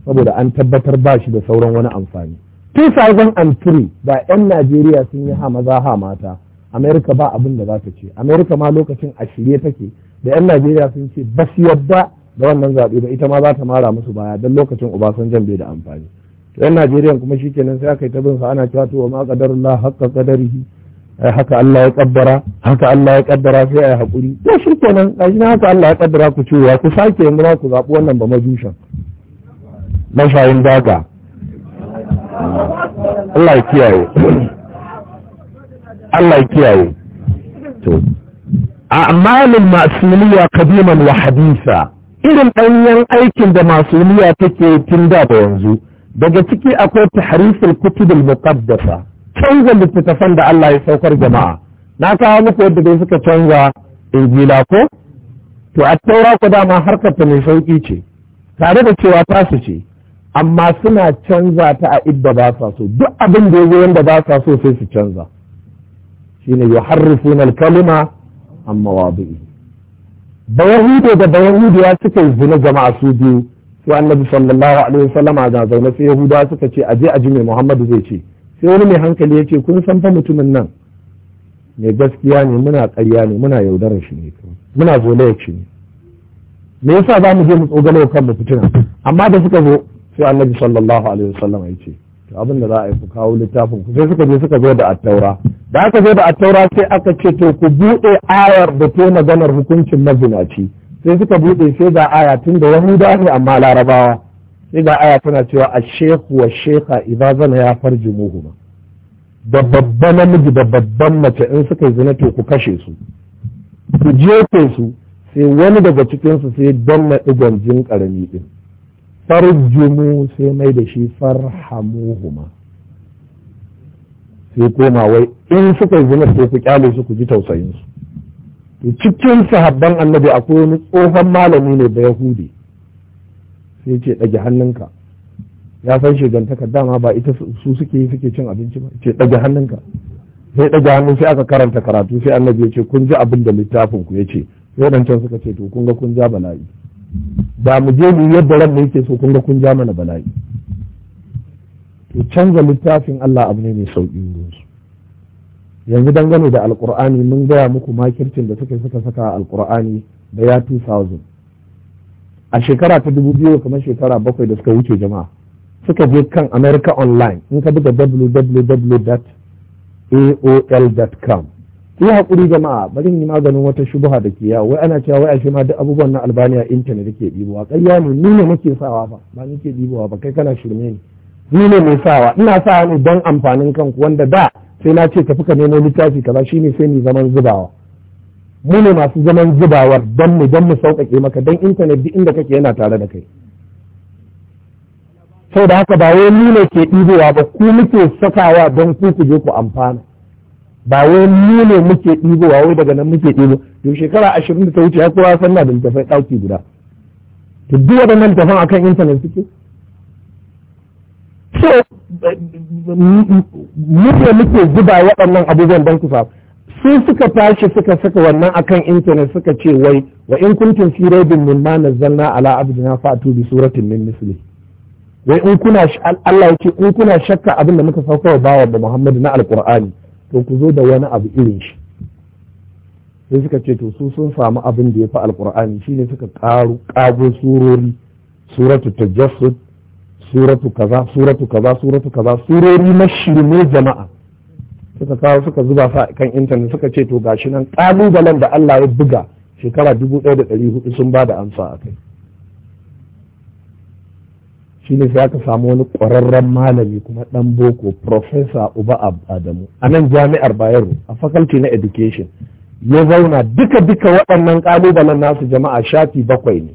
saboda an tabbatar ba shi da sauran wani amfani 2003 ba 'yan najeriya sun yi ha maza ha mata Amerika ba abin da za ta ce Amerika ma lokacin a shirye take da 'yan najeriya sun ce ba su yadda da wannan zaɓe ba ita ma za ta mara musu baya don lokacin obasanjan bai da amfani yan najeriya kuma shi kenan sai aka yi ta bin sa ana cewa to ma kadarullah haqqa qadarihi Eh, haka Allah ya kaddara haka Allah ya kaddara sai ai hakuri to shi kenan gashi haka Allah ya kaddara ku cewa ku sake yanzu ku zabi wannan ba majushan mashayin daga Allah ya kiyaye Allah ya kiyaye to a'malul ma'suliyya qadiman wa hadisa irin ɗanyen aikin da masuliya take tun da da yanzu daga ciki akwai tahriful kutubul muqaddasa canza littattafan da Allah ya saukar jama'a na kawo muku yadda dai suka canza injila ko to a taura ku dama harkar ta mai sauki ce tare da cewa tasu ce amma suna canza ta a idda ba sa so duk abin da ya zo wanda ba sa so sai su canza shine yuharrifuna al-kalima an mawadi'i bayahude da ya suka yi zina jama'a su biyu su annabi sallallahu alaihi wasallama da zaune sai yahudawa suka ce aje aji mai muhammadu zai ce sai wani mai hankali ya ce kun san fa mutumin nan mai gaskiya ne muna karya ne muna yaudarar shi ne muna ya ce ne me yasa za mu je mu tsogalo kan mu fitina amma da suka zo sai annabi sallallahu alaihi wasallam ya ce to abin za a yi ku kawo littafin ku sai suka je suka zo da attaura da aka zo da attaura sai aka ce to ku buɗe ayar da ta maganar hukuncin mazinaci sai suka buɗe sai ga aya tun da yahudawa ne amma larabawa sai ga aya tana cewa a shehu wa sheka idan zana ya farji muhu ba da babban namiji da babban mace in suka yi zina to ku kashe su ku jefe su sai wani daga cikinsu sai don na ɗigon jin ƙarami ɗin farjumu sai mai da shi ma. sai koma wai in suka yi zina to ku kyale su ku ji tausayinsu cikin sahabban annabi akwai wani tsohon malami ne da yahudi sai ce ɗage hannunka ya san shigantaka dama ba ita su suke yi suke cin abinci ba ce ɗage hannunka sai ɗage hannun sai aka karanta karatu sai annabi ya ce kun ji abin da littafin ku ya ce waɗancan suka ce to kun ga kun ja bala'i ba mu je mu yadda ran ne yake so kun ga kun ja mana bala'i to canza littafin Allah abu ne mai sauƙi wurin su yanzu dangane da alƙur'ani mun gaya muku makircin da suka suka saka alƙur'ani da ya 2000 a shekara ta dubu biyu kamar shekara bakwai da suka wuce jama'a suka je kan america online in ka buga www.aol.com ya haƙuri jama'a bari yi maganin wata shubuha da ke yawo wai ana cewa wai ashe ma duk abubuwan na albaniya intanet ke ɗibowa ƙarya ne ni ne muke sawa ba ba ni ke ɗibowa ba kai kana shirme ne ni ne mai sawa ina sa ne don amfanin kanku wanda da sai na ce tafi ka nemo littafi kaza shine sai ni zaman zubawa mu ne masu zaman zubawar don mu don mu sauƙaƙe maka don intanet duk inda kake yana tare da kai sau da haka ba wai ni ne ke ɗibowa ba ku muke sakawa don ku ku je ku amfana ba wai ni ne muke ɗibowa wai daga nan muke ɗibo to shekara ashirin da ta wuce ya kowa sanna da littafai ɗauki guda to duk waɗannan littafan akan intanet suke so mu ne muke zuba waɗannan abubuwan don ku samu sai suka tashi suka saka wannan akan intanet suka ce wai wa in kuntum fi raibin mimma nazzalna ala abdina fatu bi suratin min misli wai in kuna Allah yake in kuna shakka abin da muka sauka wa bawa da Muhammadu na Alkur'ani to ku zo da wani abu irin shi sai suka ce to su sun samu abin da ya fi alqur'ani shine suka karu kago surori suratu tajassud suratu kaza suratu kaza suratu kaza surori na shirme jama'a suka kawo suka zuba sa kan intanet suka ce to gashi nan kalubalen da Allah ya buga shekara dubu ɗaya da ɗari hudu sun ba da amsa a kai shi ne sai aka samu wani ƙwararren malami kuma ɗan boko profesa uba adamu a nan jami'ar bayero a fakalti na education ya zauna duka duka waɗannan kalubalen nasu jama'a shafi bakwai ne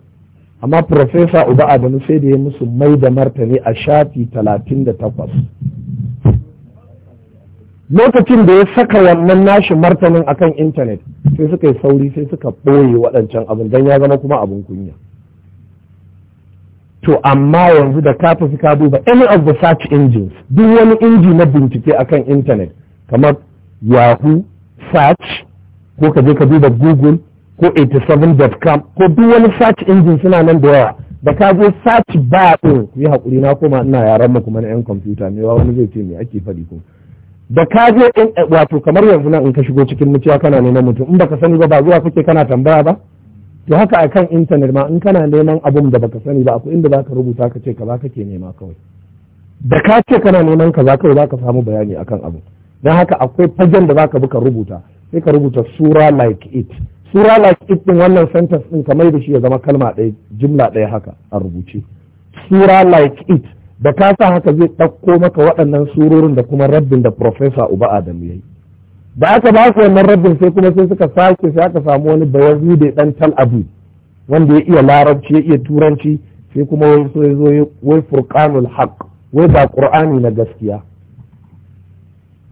amma profesa uba adamu sai da ya musu mai da martani a shafi talatin da takwas lokacin da ya saka wannan nashi martanin akan intanet sai suka yi sauri sai suka ɓoye waɗancan abin don ya zama kuma abin kunya to amma yanzu da ka tafi ka duba any of the search engines duk wani inji na bincike akan intanet kamar yahoo search ko ka je ka duba google ko 87.com ko duk wani search engine suna nan da yawa da ka zo search ba ɗin yi haƙuri na koma ina yaran mu kuma na yan kwamfuta ne wani zai ce me ake faɗi kuma da ka je in eh, wato kamar yanzu nan in ka shigo cikin mutuwa kana neman mutum in baka sani ba ba zuwa kake kana tambaya ba to haka a kan intanet ma in kana neman abun da baka sani ba akwai inda ka rubuta ka ce ka kake nema kawai da ka ce kana neman kaza kawai ka samu bayani akan abu dan haka akwai fagen da zaka bi ka rubuta sai ka rubuta sura like it sura like it din wannan sentence din mai da shi ya zama kalma ɗaya jimla ɗaya haka a rubuce sura like it da ka sa haka zai ɗauko maka waɗannan surorin da kuma rabbin da profesa uba adam ya yi da aka ba su wannan rabbin sai kuma sai suka sake sai aka samu wani bayan da ɗan tal abu wanda ya iya larabci ya iya turanci sai kuma wani so ya zo wai furqanul haq wai ba qur'ani na gaskiya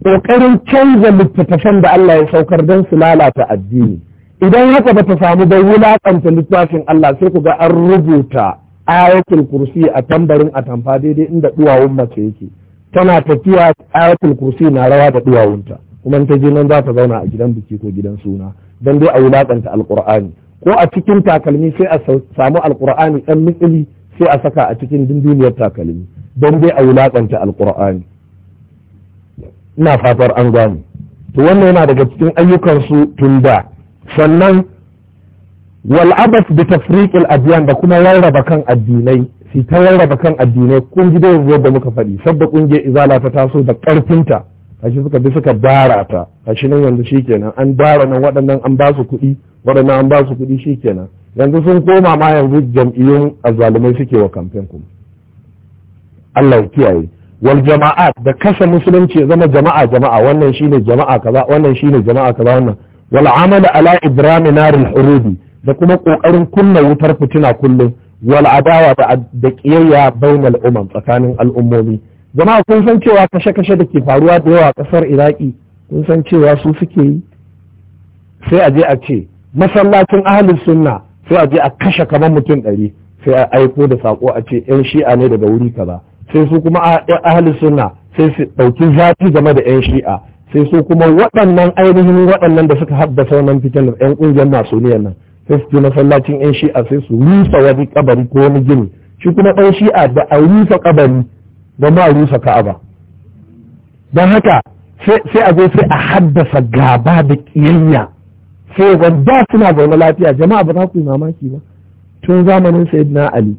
kokarin canza littattafan da Allah ya saukar don su lalata addini idan haka ba ta samu bai wulaƙanta littafin Allah sai ku ga an rubuta ayatul kursi a tambarin atamfa daidai inda duwawun mace yake tana tafiya ayatul kursi na rawa da duwawunta kuma ta je nan za ta zauna a gidan biki ko gidan suna dan dai a wulakanta alqur'ani ko a cikin takalmi sai a samu alqur'ani dan mitsili sai a saka a cikin dindiniyar takalmi dan dai a wulakanta alqur'ani ina fatar an gane to wannan yana daga cikin ayyukan su tun da sannan wal da bi tafriq da kuma rarraba kan addinai shi ta rarraba kan addinai kun ji da yadda muka faɗi sabda kungiyar izala ta taso da ƙarfinta shi suka bi suka dara ta shi nan yanzu shikenan an dara nan waɗannan an ba su kuɗi waɗannan an ba su kuɗi shikenan yanzu sun koma ma yanzu jam'iyyun azzalumai suke wa kamfen kuma Allah ya kiyaye wal jama'a da kasa musulunci ya zama jama'a jama'a wannan shine jama'a kaza wannan shine jama'a kaza wannan wal amala ala ibrami naril hurubi da kuma ƙoƙarin kunna wutar fitina kullum wal adawa da ƙiyayya al umam tsakanin al'ummomi jama'a kun san cewa kashe-kashe da ke faruwa da yawa a ƙasar iraki kun san cewa su suke yi sai a je a ce masallacin ahalin sunna sai a je a kashe kamar mutum ɗari sai a aiko da saƙo a ce yan shi'a ne daga wuri kaza sai su kuma ahalin sunna sai su ɗauki zafi game da yan shi'a sai su kuma waɗannan ainihin waɗannan da suka haddasa wannan fitinar yan ƙungiyar masoniyar nan sai su je masallacin yan shi'a sai su rusa wani kabari ko wani gini shi kuma ɗan shi'a da a rusa kabari da ma rusa ka'aba don haka sai a zo sai a haddasa gaba da ƙiyayya sai wanda suna zaune lafiya jama'a ba za ku yi mamaki ba tun zamanin sayyidina ali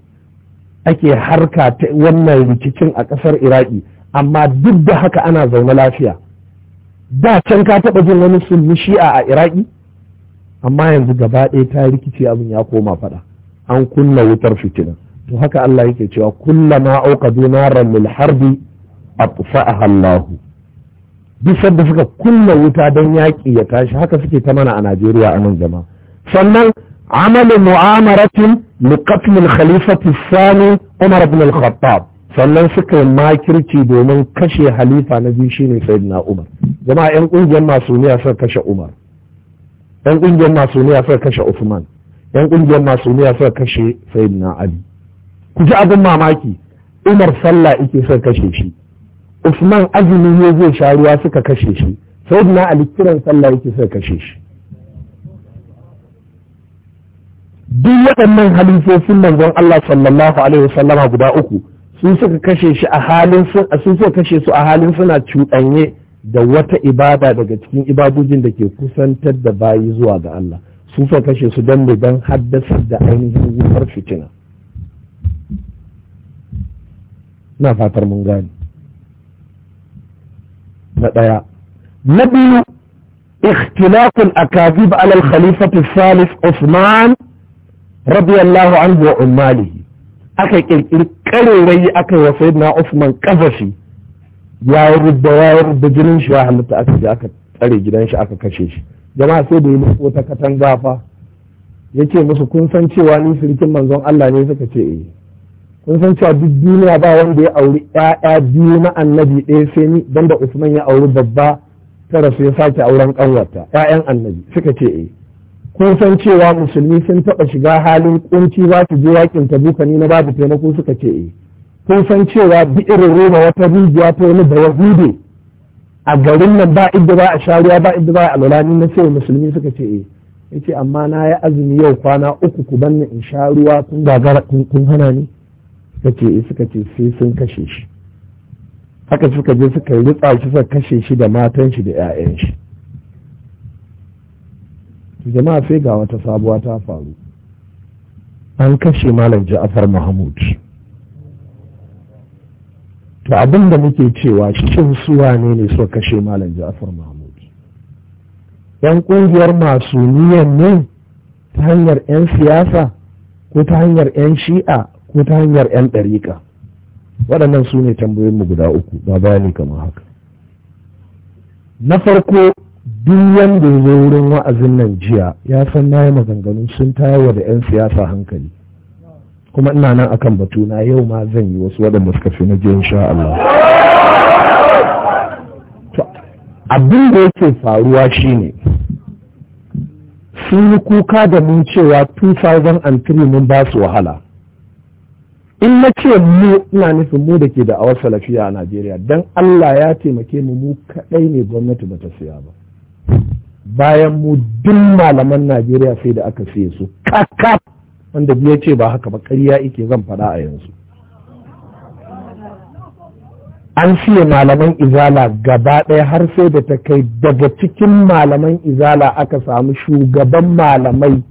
ake harka ta wannan rikicin a ƙasar iraki amma duk da haka ana zaune lafiya da can ka taɓa jin wani sunni shi'a a iraki amma yanzu gaba ɗaya ta rikice abin ya koma faɗa an kunna wutar fitina to haka Allah yake cewa kullama auqadu naran lil harbi atfa'aha Allah duk sanda suka kunna wuta don yaƙi ya tashi haka suke ta mana a Najeriya a nan jama. sannan عمل معامرة لقتل الخليفة Umar عمر al الخطاب sannan suka yi makirci domin kashe halifa na biyu shine sayyidina umar jama'a ƴan ƙungiyar masu suka kashe umar yan ƙungiyar masoniya suka kashe Usman yan ƙungiyar masoniya suka kashe Sayyidina Ali ku ji abin mamaki Umar sallah yake suka kashe shi Usman azumi ne zai sha ruwa suka kashe shi Sayyidina Ali kiran sallah yake suka kashe shi duk waɗannan halifofin manzon Allah sallallahu alaihi wasallama guda uku sun suka kashe shi a halin sun suka kashe su a halin suna cuɗanye da wata ibada daga cikin ibadojin da ke kusantar da bayi zuwa ga Allah su kashe su don mu don haddasa da ainihin wutar fitina na fatar mun gane na ɗaya na biyu ikhtilafin akabib alal khalifatu salif Usman radiyallahu anhu wa ummalihi aka kirkiri karerai aka yi wa sayyidina Usman kafashi ya yi rubda ya yi jinin shi ya halitta aka je aka tsare gidan shi aka kashe shi jama'a sai da yi musu wata katanga fa ya ce musu kun san cewa ni sirikin manzon Allah ne suka ce eh kun san cewa duk duniya ba wanda ya auri ƴaƴa biyu na annabi ɗaya sai ni dan da Usman ya auri babba ta rasu ya sake auren ƙanwarta ƴaƴan annabi suka ce eh kun san cewa musulmi sun taɓa shiga halin kunci ba su je yakin tabuka ni na babu taimako suka ce eh kun san cewa bi'irin roma wata rijiya ta wani da ne a garin nan ba inda ba a sha ruwa ba inda ba a lulani na ce musulmi suka ce eh yace amma na ya azumi yau kwana uku ku banna in sha ruwa kun gagara kun hana ni suka ce eh suka ce sai sun kashe shi haka suka je suka rutsa shi suka kashe shi da matan shi da 'ya'yan shi jama'a sai ga wata sabuwa ta faru an kashe malam ja'afar mahmud da abin da muke cewa cikin suwa ne ne suka kashe malam ja'far mahmud yan kungiyar masu niyan ne ta hanyar yan siyasa ko ta hanyar yan shi'a ko ta hanyar yan ɗariƙa waɗannan su ne mu guda uku ba bayani kamar haka na farko duk wanda ya wurin wa'azin nan jiya ya san na yi maganganu sun tayar da 'yan siyasa hankali kuma ina nan akan batuna yau ma zan yi wasu waɗanda suka fi na je insha Allah abin da yake faruwa shine sun yi kuka da mun cewa 2003 mun ba su wahala in na ce mu ina nufin mu da ke da awar salafiya a Najeriya don Allah ya taimake mu mu kaɗai ne gwamnati bata siya ba bayan mu duk malaman Najeriya sai da aka siye su kakaf wanda biya ce ba haka ba ƙarya ike zan faɗa a yanzu an siya malaman izala gaba ɗaya har sai da ta kai daga cikin malaman izala aka samu shugaban malamai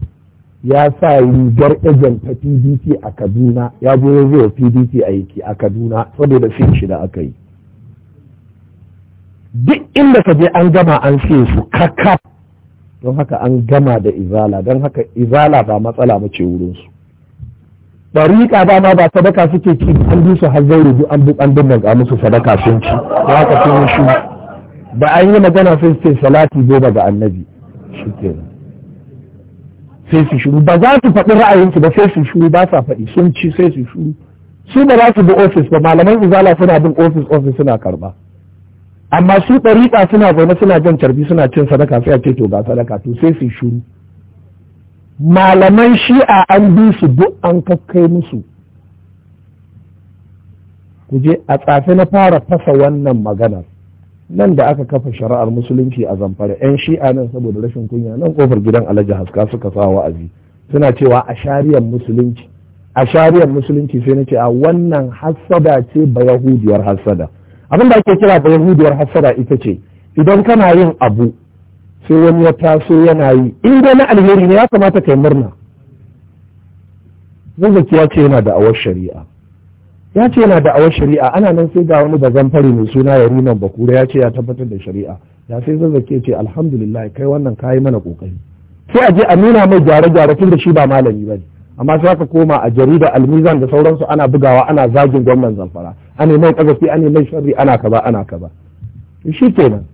ya sa rigar ejen ta pdp a kaduna ya goyo zuwa pdp aiki a kaduna saboda fin shida aka yi duk inda ka je an gama an siya su kakaf don haka an gama da izala don haka izala ba matsala mace wurinsu ɗariƙa ba ma ba sadaka suke ci an bi su har zai rubu an bi dun dinga musu sadaka sun ci don haka sun shi ba an yi magana sai su ce salati zo daga annabi shikenan sai su shuru ba za su faɗi ra'ayinsu ba sai su shuru ba sa faɗi sun ci sai su shuru su ba za su bi ofis ba malaman izala suna bin ofis ofis suna karɓa amma su ɗariƙa suna zaune suna jan carbi suna cin sadaka sai a ce to ga sadaka to sai su shuru malaman shi'a an bi su duk an kakkai musu ku je a tsafi na fara fasa wannan maganar nan da aka kafa shari'ar musulunci a zamfara 'yan shi'a nan saboda rashin kunya nan kofar gidan alhaji haska suka sa wa'azi suna cewa a shari'ar musulunci a shari'ar musulunci sai na ce a wannan hassada ce ba yahudiyar hassada abin da ake kira da yahudiyar hasara ita ce idan kana yin abu sai wani ya taso yana yi in dai na alheri ne ya kamata kai murna zazzaki ya ce yana da awar shari'a ya ce yana da awar shari'a ana nan sai ga wani bazan fari mai suna ya yariman bakura ya ce ya tabbatar da shari'a ya sai zazzaki ce alhamdulillah kai wannan kayi mana kokari sai a je a nuna mai gyare-gyare tun da shi ba malami ba ne amma sai ka koma a jarida almizan da sauransu ana bugawa ana zagin gwamnan zamfara ana mai kazafi ana mai sharri ana kaza ana kaza shi kenan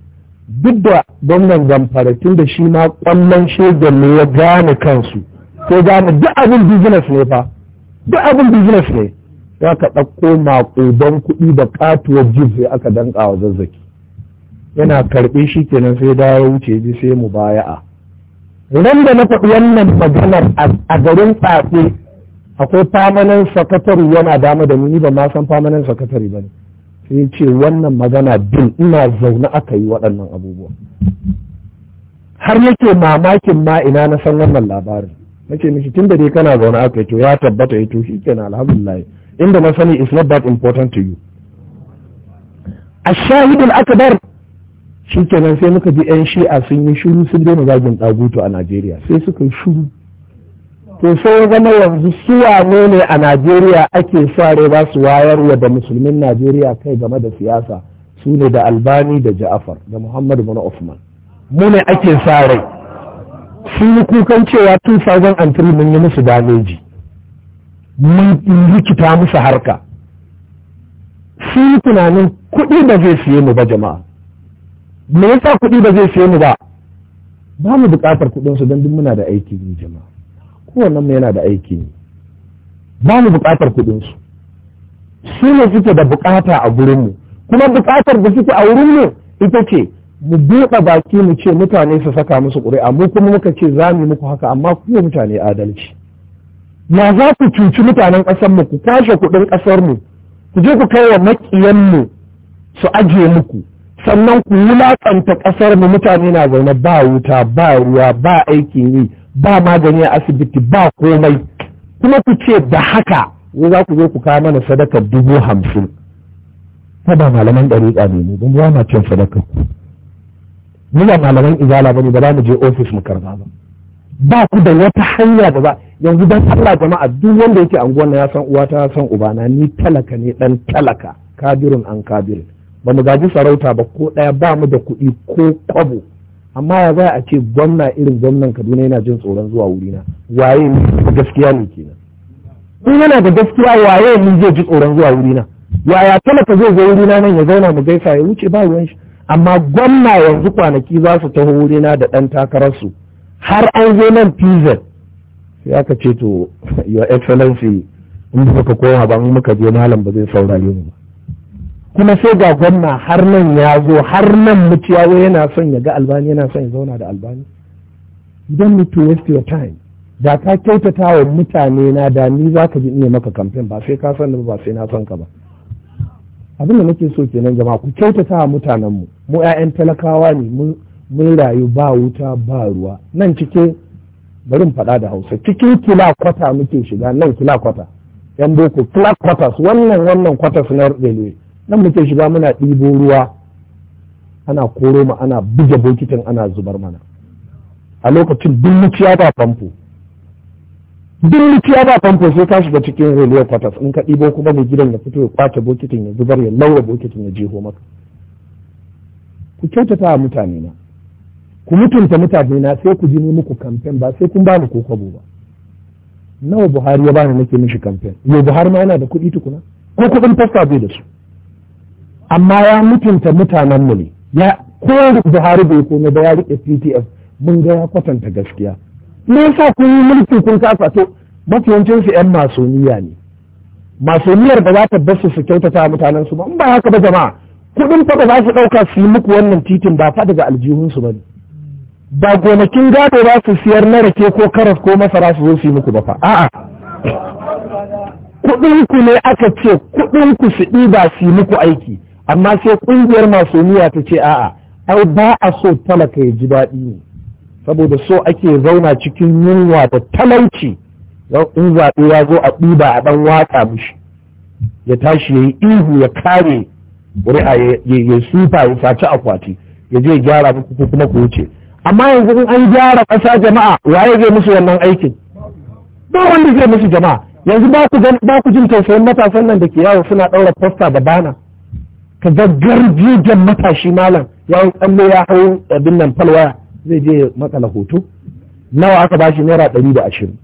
duk da wannan zamfara tun da shi ma kwallon shegen ne ya gane kansu ko gane duk abin business ne fa duk abin business ne ya ka ɗauko maƙudan kuɗi da ƙatuwar jib sai aka danƙa wa zazzaki yana karɓi shi kenan sai dawo wuce ji sai mu baya'a ran da na faɗi wannan maganar a garin tsatsi akwai famanan sakatari yana dama da ni ba ma san famanan sakatari ba ne sai ce wannan magana bin ina zaune aka yi waɗannan abubuwa har yake mamakin ma ina na san wannan labarin nake miki tun da dai kana zaune aka yi to ya tabbata ya eh, to shi kenan alhamdulillah inda na sani is not that important to you a shahidul akbar shi kenan sai muka ji yan shi'a sun yi shuru sun daina zagin ɗagutu a najeriya sai suka yi shuru to sai zama yanzu su wane ne a najeriya ake sa ba su wayarwa da musulmin najeriya kai game da siyasa su ne da albani da ja'afar da muhammadu bin usman mu ne ake sare. rai sun yi kukan cewa 2003 mun yi musu dameji mun rikita musu harka sun yi tunanin kuɗi ba zai siye mu ba jama'a me yasa kuɗi ba zai siye mu ba ba mu buƙatar kuɗinsu don duk muna da aiki jama'a wannan mai yana da aiki ne ba mu buƙatar kuɗinsu su ne suke da bukata a gurinmu kuma bukatar da suke a wurinmu ita ce mu buɗe baki mu ce mutane su saka musu ƙuri'a mu kuma muka ce za mu muku haka amma ku mutane adalci ya za ku cuci mutanen ƙasarmu ku kashe kuɗin ƙasarmu ku je ku kai wa maƙiyanmu su ajiye muku sannan ku wulaƙanta ƙasarmu mutane na zaune ba wuta ba ruwa ba aiki, yi ba magani a asibiti ba komai kuma ku ce da haka za ku zo ku kawo mana sadaka dubu hamsin ta ba malaman ɗariƙa ne don ba ma cin sadakar ku ba malaman izala ba ne ba za mu je ofis mu karba ba ba ku da wata hanya da ba yanzu dan Allah jama'a duk wanda yake anguwan ya san uwa ta san ubana ni talaka ne dan talaka kabirin an kabirin ba mu gaji sarauta ba ko ɗaya ba mu da kuɗi ko kwabo amma ya za a ce gwamna irin gwamnan kaduna yana jin tsoron zuwa wurina waye ni gaskiya ne kenan Ina yana da gaskiya waye ni zai ji tsoron zuwa wurina yaya talaka zai zo wurina nan ya zauna mu gaisa ya wuce ba ruwan shi amma gwamna yanzu kwanaki za su taho wurina da ɗan takararsu har an zo nan pz sai aka ce to your excellency in muka koma ba in muka je malam ba zai saurare mu kuma sai ga gwamna har nan ya zo har nan ya zo yana son ya ga albani yana son ya zauna da albani idan mutu waste your time da ka kyautata wa mutane na da ni za ka ji ne maka kamfen ba sai ka san ba sai na son ka ba abin da nake so kenan jama'a ku kyautata wa mutanen mu mu 'ya'yan talakawa ne mun rayu ba wuta ba ruwa nan cike barin mu faɗa da hausa cikin kila kwata muke shiga nan kila kwata yan boko kila kwatas wannan wannan kwatas na railway nan muke shiga muna ɗibo ruwa ana koro ma ana buge bokitin ana zubar mana a lokacin duk ba famfo duk ba famfo sai ka shiga cikin railway quarters in ka ɗibo kuma mai gidan ya fito ya kwace bokitin ya zubar ya laura bokitin ya jeho maka ku kyautata wa mutane na ku mutunta mutane na sai ku ji ni muku kamfen ba sai kun ba ni ko ba nawa buhari ya bani nake mishi kamfen yau buhari ma yana da kuɗi tukuna ko kuɗin fasta bai da su amma ya mutunta mutanenmu ne ya ko Buhari bai komai ba ya rike PTF mun ga ya kwatanta gaskiya me yasa kun yi mulki kun kasa to mafiyancin su yan masoniya ne masoniyar ba za ta bar su kyautata mutanen su ba in ba haka ba jama'a kuɗin fa ba za su ɗauka su yi muku wannan titin ba fa daga aljihun su ne. ba gonakin gado ba su siyar na rake ko karas ko masara su zo su yi muku ba fa a'a kuɗin ku ne aka ce kuɗin ku su ɗiba su yi muku aiki amma sai ƙungiyar masoniya ta ce a'a ai ba a so talaka ya ji daɗi ne saboda so ake zauna cikin yunwa da talauci in zaɓe ya zo a ɗiba a ɗan waƙa mishi ya tashi ya yi ihu ya kare ƙuri'a ya sufa ya saci akwati ya je gyara muku ko kuma ku wuce amma yanzu in an gyara ƙasa jama'a waye zai musu wannan aikin ba wanda zai musu jama'a yanzu ba ku jin tausayin matasan nan da ke yawo suna ɗaura posta da bana ka ga jirgin matashi malam ya yi tsalle ya hau abin nan falwaya zai je matsala hoto nawa aka bashi naira ɗari da ashirin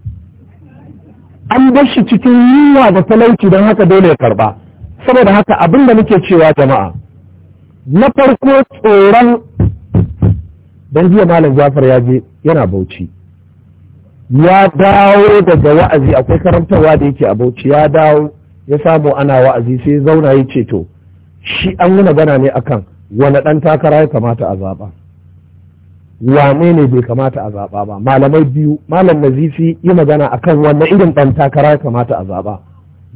an bar shi cikin yunwa da talauci don haka dole ya karba saboda haka abin da muke cewa jama'a na farko tsoron don jiya malam jafar ya je yana bauchi ya dawo daga wa'azi akwai karantarwa da yake a bauchi ya dawo ya samu ana wa'azi sai zauna ya ce to shi an yi magana ne akan wani ɗan takara ya kamata a zaɓa wane ne bai kamata a zaɓa ba malamai biyu malam nazifi yi magana akan wani irin ɗan takara ya kamata a zaɓa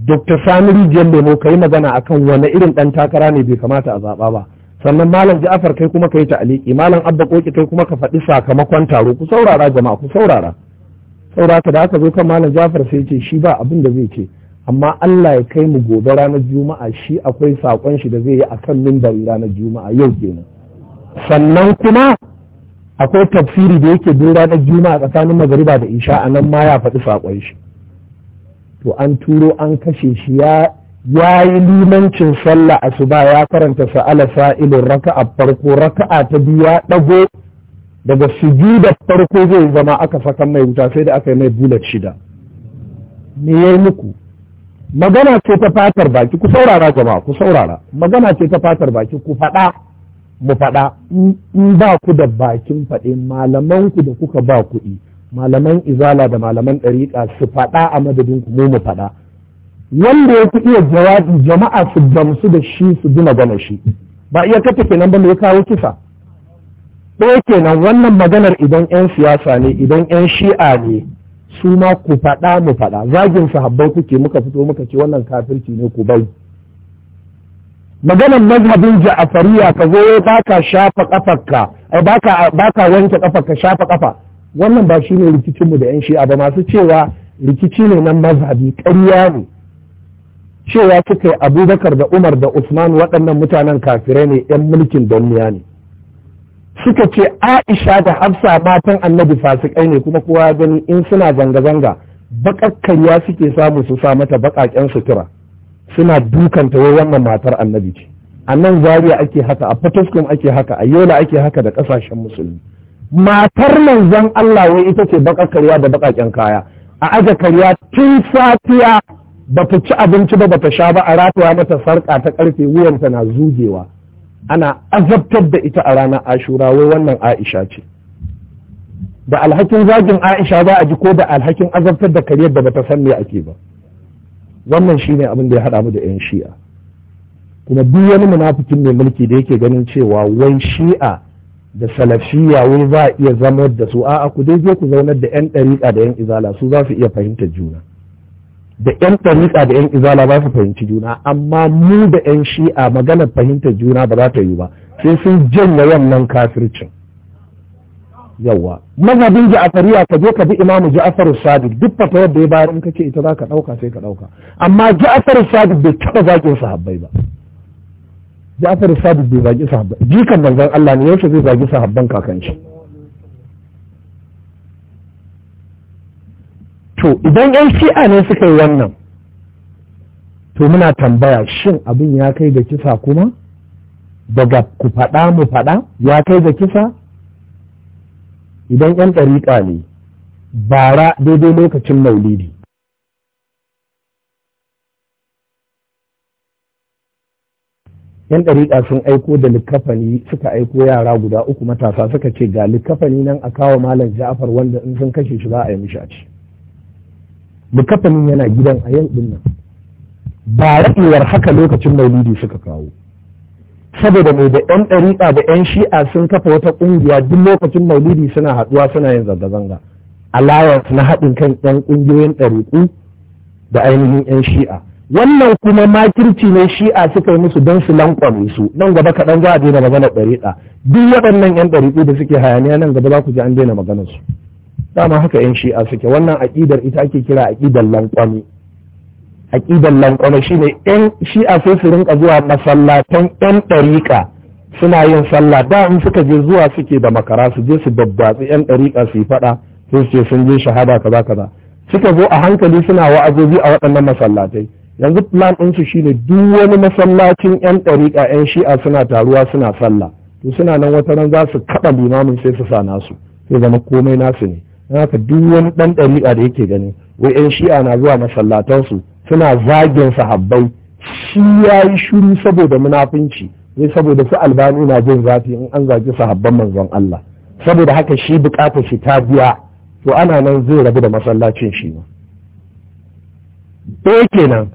dr sami rijiyar lemo ka yi magana akan wani irin ɗan takara ne bai kamata a zaɓa ba sannan malam ja'afar kai kuma ka yi ta'aliki malam abba koki kai kuma ka faɗi sakamakon taro ku saurara jama'a ku saurara saurata da aka zo kan malam ja'afar sai ce shi ba abin da zai ce amma Allah ya kai mu gobe ranar juma'a shi akwai saƙon shi da zai yi a kan mimbari ranar juma'a yau kenan sannan kuma akwai tafsiri da yake duk ranar juma'a tsakanin magariba da isha a nan ma ya faɗi saƙon shi to an turo an kashe shi ya ya yi limancin sallah asuba ya karanta sa'ala sa'ilin raka'a farko raka'a ta biyu ya ɗago daga da farko zai zama aka saka mai wuta sai da aka yi mai bulat shida me yayi muku magana ce ta fatar baki ku saurara jama'a ku saurara magana ce ta fatar baki ku faɗa mu faɗa in ba ku da bakin faɗe malaman ku da kuka ba kuɗi malaman izala da malaman ɗariƙa su faɗa a madadin ku mu mu faɗa wanda ya ku iya jawabi jama'a su gamsu da shi su duna gana shi ba iya kata kenan ba ya kawo kisa ɗaya kenan wannan maganar idan 'yan siyasa ne idan 'yan shi'a ne su ma ku faɗa mu faɗa zagin sahabbai kuke muka fito muka ce wannan kafirci ne ku bai maganan mazhabin ja'afariya ka zo ka shafa kafarka ai ba ka wanke kafarka shafa kafa wannan ba shine rikicin mu da yan shi'a ba masu cewa rikici ne nan mazhabi ƙarya ne cewa suka yi abubakar da umar da usman waɗannan mutanen kafirai ne yan mulkin duniya ne suka ce aisha da hafsa matan annabi fasikai ne kuma kowa gani in suna zanga-zanga bakakkarya suke samu su sa mata bakaken sutura suna dukanta wai wannan matar annabi ce a nan zaria ake haka a fataskum ake haka a yola ake haka da kasashen musulmi matar manzon allah wai ita ce bakakkarya da bakaken kaya a aja kariya tun safiya ba ta ci abinci ba ba ta sha ba a ratuwa mata sarƙa ta karfe wuyanta na zugewa ana azabtar da ita a ranar ashura wai wannan aisha ce da alhakin zagin aisha za a ji ko da alhakin azabtar da kariyar da bata san me ake ba wannan shine abin da ya haɗa mu da yan shi'a kuma duk wani munafikin mai mulki da yake ganin cewa wai shi'a da salafiya wai za a iya zama da su a'a ku dai je ku zaunar da yan ɗariƙa da yan izala su za su iya fahimtar juna da ƴan ɗariƙa da ƴan izala ba su fahimci juna amma mu da ƴan shi'a maganar fahimtar juna ba za ta yi ba sai sun janye wannan kafircin yawa mazhabin ja'afariya ka je ka bi imamu ja'afar sadiq duk fata da ya bayar in kace ita zaka dauka sai ka dauka amma ja'afar sadiq bai taba zakin sahabbai ba ja'afar sadiq bai zaki sahabbai jikan manzon Allah ne yaushe zai zaƙi sahabban kakan shi to idan yan shi'a ne suka yi wannan to muna tambaya shin abin ya kai da kisa kuma daga ku faɗa mu faɗa ya kai da kisa idan yan ɗariƙa ne bara daidai lokacin maulidi yan ɗariƙa sun aiko da likafani suka aiko yara guda uku matasa suka ce ga likafani nan a kawo malam ja'afar wanda in sun kashe shi za a yi mishi a ce kafanin yana gidan a yau din nan ba raɗewar haka lokacin maulidi suka kawo saboda mai da yan ɗariƙa da yan shi'a sun kafa wata ƙungiya duk lokacin maulidi suna haɗuwa suna yin zanga-zanga alliance na haɗin kan yan ƙungiyoyin ɗariƙu da ainihin yan shi'a wannan kuma makirci ne shi'a suka yi musu don su lankwame su nan gaba kaɗan za a daina maganar ɗariƙa duk waɗannan yan ɗariƙu da suke hayaniya nan gaba za ku ji an daina maganar su. dama haka yan shi'a suke wannan aƙidar ita ake kira aƙidar lankwami aƙidar ne shine yan shi'a sai su rinka zuwa masallatan yan ɗariƙa suna yin sallah da in suka je zuwa suke da makara su je su babbatsi yan ɗariƙa su yi faɗa sai su ce sun je shahada kaza kaza suka zo a hankali suna wa'azozi a waɗannan masallatai yanzu plan ɗinsu shine duk wani masallacin yan ɗariƙa yan shi'a suna taruwa suna sallah to suna nan wata ran za su kaɗa limamin sai su sa nasu sai zama komai nasu ne haka duk wani ɗan ɗari'a da yake gani wai yan shi'a na zuwa masallatansu suna zagin sahabbai shi ya yi shuru saboda munafunci ne saboda su albani na jin zafi in an zagi sahabban manzon Allah saboda haka shi bukatar shi ta biya to ana nan zai rabu da masallacin shi ma ɗaya kenan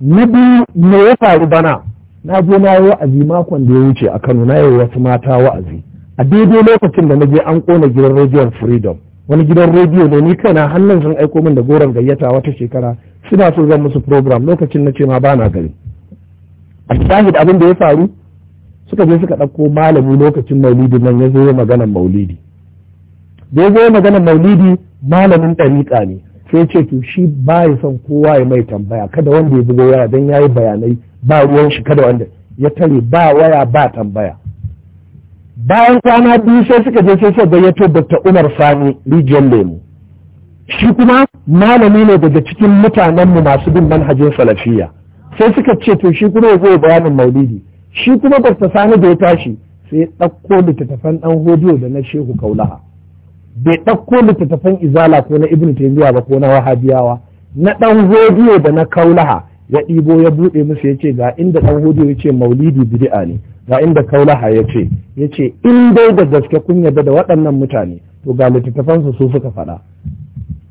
ni bi me ya faru bana na je na yi wa'azi makon da ya wuce a Kano na yi wasu mata wa'azi a daidai lokacin da na je an kona gidan rediyon freedom wani gidan rediyo ne ni kaina hannun sun aiko min da goron gayyata wata shekara suna so zan musu program lokacin na ce ma bana gari a shahid abin da ya faru suka je suka ɗauko malami lokacin maulidi nan ya zo maganar maulidi da ya zo maganar maulidi malamin ɗariƙa ne sai ce to shi ba ya son kowa ya mai tambaya kada wanda ya buga waya don ya yi bayanai ba ruwan shi kada wanda ya tare ba waya ba tambaya bayan kwana biyu sai suka je sai suka gayyato ta umar sani rijiyar lemu shi kuma malami ne daga cikin mutanenmu masu bin manhajin salafiya sai suka ce to shi kuma ya zo bayanin maulidi shi kuma dr sani da ya tashi sai ɗauko littattafan ɗan hodiyo da na shehu kaulaha bai ɗauko littattafan izala ko na Ibn taymiya ba ko na wahabiyawa na ɗan hodiyo da na kaulaha ya ɗibo ya buɗe musu ya ce ga inda ɗan hudu ya ce maulidi bidi'a ne ga inda kaulaha ya ce ya ce in dai da gaske kun yarda da waɗannan mutane to ga littattafansu su suka faɗa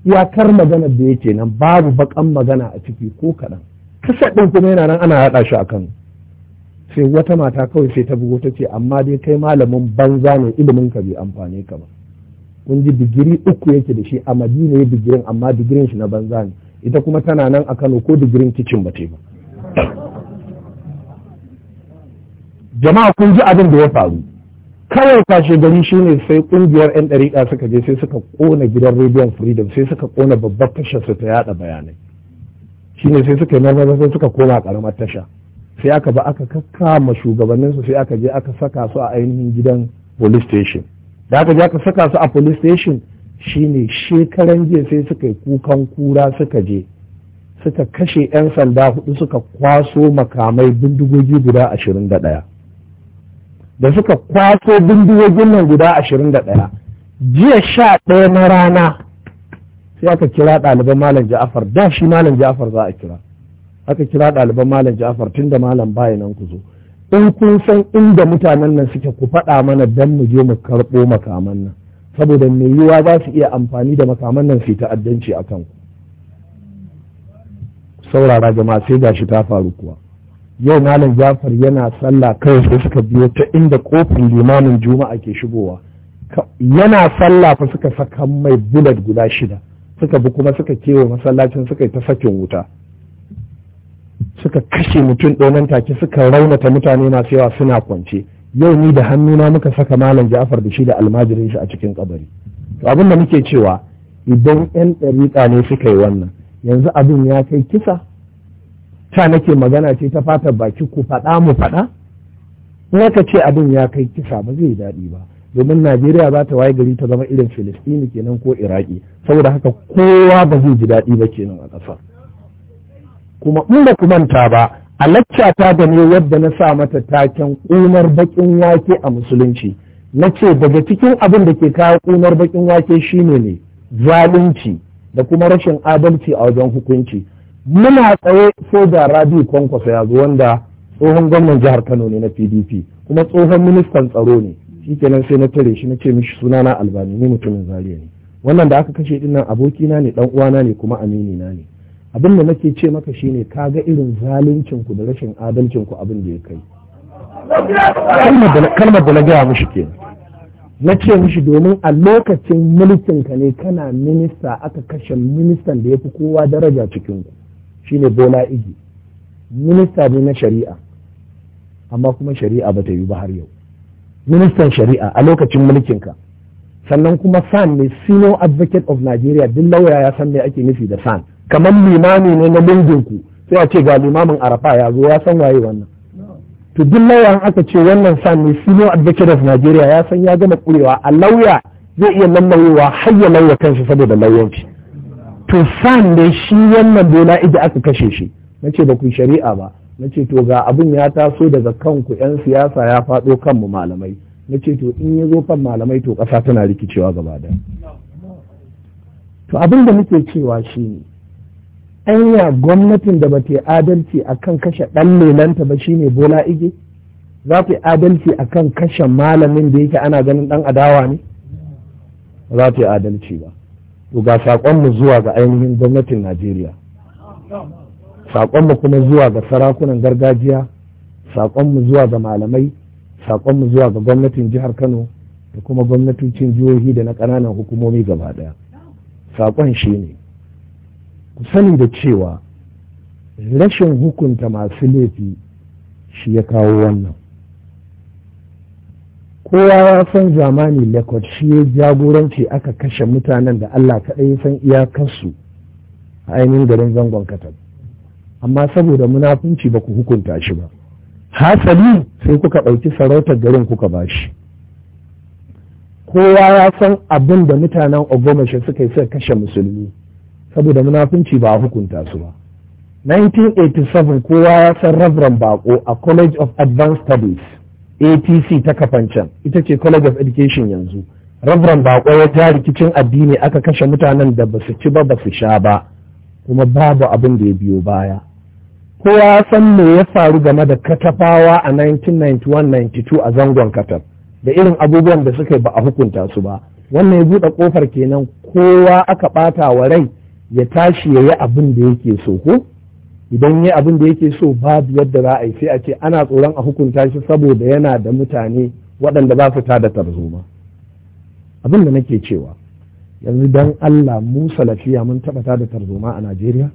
iyakar magana da ya ce nan babu baƙan magana a ciki ko kaɗan kasa ɗin kuma yana nan ana yaɗa shi a kan sai wata mata kawai sai ta bugo ta ce amma dai kai malamin banza ne ilimin ka bai amfane ka ba kun ji digiri uku yake da shi a madina ya digirin amma digirin shi na banza ne ita kuma tana nan a Kano ko digirin kicin ba ba jama'a kun ji abin da ya faru kawai kashe gari shine sai kungiyar 'yan ɗariƙa suka je sai suka kona gidan Radio freedom sai suka kona babbar tashar su ta yada bayanai shine sai suka yi marmara sai suka koma karamar tasha sai aka ba aka kakkama shugabanninsu sai aka je aka saka su a ainihin gidan police station da aka je aka saka su a police station shine shekaran jiya sai suka yi kukan kura suka je suka kashe 'yan sanda hudu suka kwaso makamai bindigogi guda ashirin da ɗaya da suka kwaso bindigogin nan guda ashirin da ɗaya jiya sha ɗaya na rana sai aka kira ɗaliban malam ja'afar da shi malam ja'afar za a kira aka kira ɗaliban malam ja'afar tunda malam baya nan ku zo in kun san inda mutanen nan suke ku faɗa mana don mu je mu karɓo makaman nan saboda mai yiwuwa za su iya amfani da makaman nan su ta'addanci a kan saurara jama'a sai shi ta faru kuwa yau malam jafar yana sallah kawai sai suka biyo ta inda kofin limamin juma'a ke shigowa yana sallah fa suka saka mai bullet guda shida suka bi kuma suka kewa masallacin suka yi ta sakin wuta suka kashe mutum ɗonan take suka raunata mutane masu yawa suna kwance yau ni da hannuna muka saka malam ja'far da shi da almajirin shi a cikin kabari to abin da muke cewa idan yan ɗariƙa ne suka yi wannan yanzu abin ya kai kisa ta nake magana ce ta fatar baki ku faɗa mu faɗa in aka ce abin ya kai kisa ba zai daɗi ba domin najeriya za ta waye gari ta zama irin filistini kenan ko iraki saboda haka kowa ba zai ji daɗi ba kenan a ƙasar kuma in ba ku manta ba a ta da ne yadda na sa mata taken ƙunar baƙin wake a musulunci na ce daga cikin abin da ke kawo ƙunar baƙin wake shine ne zalunci da kuma rashin adalci a wajen hukunci muna tsaye soja rabi kwankwasa ya zo wanda tsohon gwamnan jihar kano ne na pdp kuma tsohon ministan tsaro ne shi kenan sai na tare shi na ce mishi sunana albani ni mutumin zariya ne wannan da aka kashe dinnan abokina ne dan uwana ne kuma Aminina ne abin da nake ce maka shine ka ga irin zaluncin ku da rashin adalcin ku abin da ya kai kalmar da na gaya mishi ke na ce mishi domin a lokacin mulkin ka ne kana minista aka kashe ministan da ya fi kowa daraja cikin ku shine bola igi minista ne na shari'a amma kuma shari'a ba ta yi ba har yau ministan shari'a a lokacin mulkin ka sannan kuma san ne sino advocate of nigeria duk lauya ya san me ake nufi da san kamar limami ne na lunginku sai a ce ga limamin arafa ya zo ya san waye wannan to duk lauyan aka ce wannan san ne senior advocate of Nigeria ya san ya gama kurewa a lauya zai iya lallayewa har ya lauya kansa saboda lauyanci to san ne shi wannan bola ida aka kashe shi na ce ba ku shari'a ba na ce to ga abin ya taso daga kanku 'yan siyasa ya faɗo kanmu malamai na ce to in ya zo kan malamai to ƙasa tana rikicewa gaba da to abin da muke cewa shi ne anya gwamnatin da ba ta adalci akan kashe ɗan lelanta ba shi shine bola ige za yi adalci akan kashe malamin da yake ana ganin ɗan adawa ne za ta adalci ba to ga saƙonmu zuwa ga ainihin gwamnatin najeriya saƙonmu kuma zuwa ga sarakunan gargajiya saƙonmu zuwa ga malamai saƙonmu zuwa ga gwamnatin jihar kano da kuma gwamnatocin jihohi da na ƙananan hukumomi gaba ɗaya saƙon shi ne sani da cewa rashin hukunta masu laifi shi ya kawo wannan kowa ya san zamani lekot shi ya jagoranci aka kashe mutanen da allah kaɗai san iyakarsu a ainihin garin zangon katab amma saboda munafunci ba ku hukunta shi ba hasali sai kuka ɗauki sarautar garin kuka bashi kowa ya san abin da mutanen ogomashi suka yi suka kashe musulmi saboda munafunci ba a hukunta su ba 1987 kowa ya san Reverend Bako a College of Advanced Studies APC ta Kafancan ita ce College of Education yanzu Reverend Bako ya ja rikicin addini aka kashe mutanen da basu ci ba basu sha ba kuma babu abin da ya biyo baya kowa ya san me ya faru game da katafawa a 1991-92 a zangon katab da irin abubuwan da suka yi ba a hukunta su ba wannan ya buɗe ƙofar kenan kowa aka ɓata wa rai ya tashi ya yi abin da yake so ko idan ya yi abin da yake so babu yadda za a yi sai a ce ana tsoron a hukunta shi saboda yana da mutane waɗanda ba su tada tarzoma abin da nake cewa yanzu dan Allah mu salafiya mun taɓa tada tarzoma a Najeriya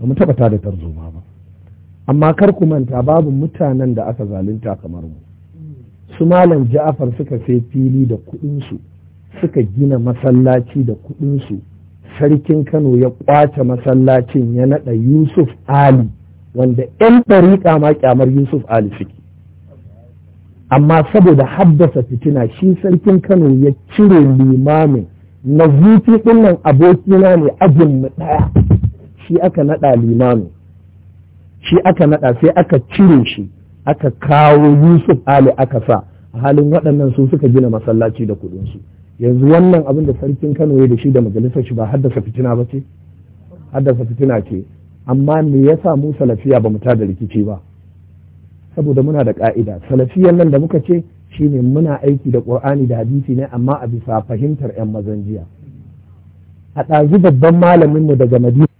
ba mu taɓa tada tarzoma ba amma kar ku manta babu mutanen da aka zalunta kamar mu su malam Ja'far suka sai fili da kuɗinsu suka gina masallaci da kuɗinsu su sarkin kano ya kwace masallacin ya naɗa yusuf ali wanda 'yan ɗariƙa ma kyamar yusuf ali suke amma saboda haddasa fitina shi sarkin kano ya cire limamin na zuci ɗinnan abokina ne ajin mu ɗaya shi aka naɗa limamin shi aka naɗa sai aka cire shi aka kawo yusuf ali aka sa a halin waɗannan su suka gina masallaci da kuɗinsu. yanzu wannan abin da sarkin Kano ya da shi da majalisar shi ba haddasa fitina ba ce haddasa fitina ce amma me yasa mu salafiya ba mu da rikici ba saboda muna da ka'ida salafiyan nan da muka ce shi ne muna aiki da Ƙur'ani da hadisi ne amma a bisa fahimtar yan mazan jiya a ɗazu babban malamin mu daga madina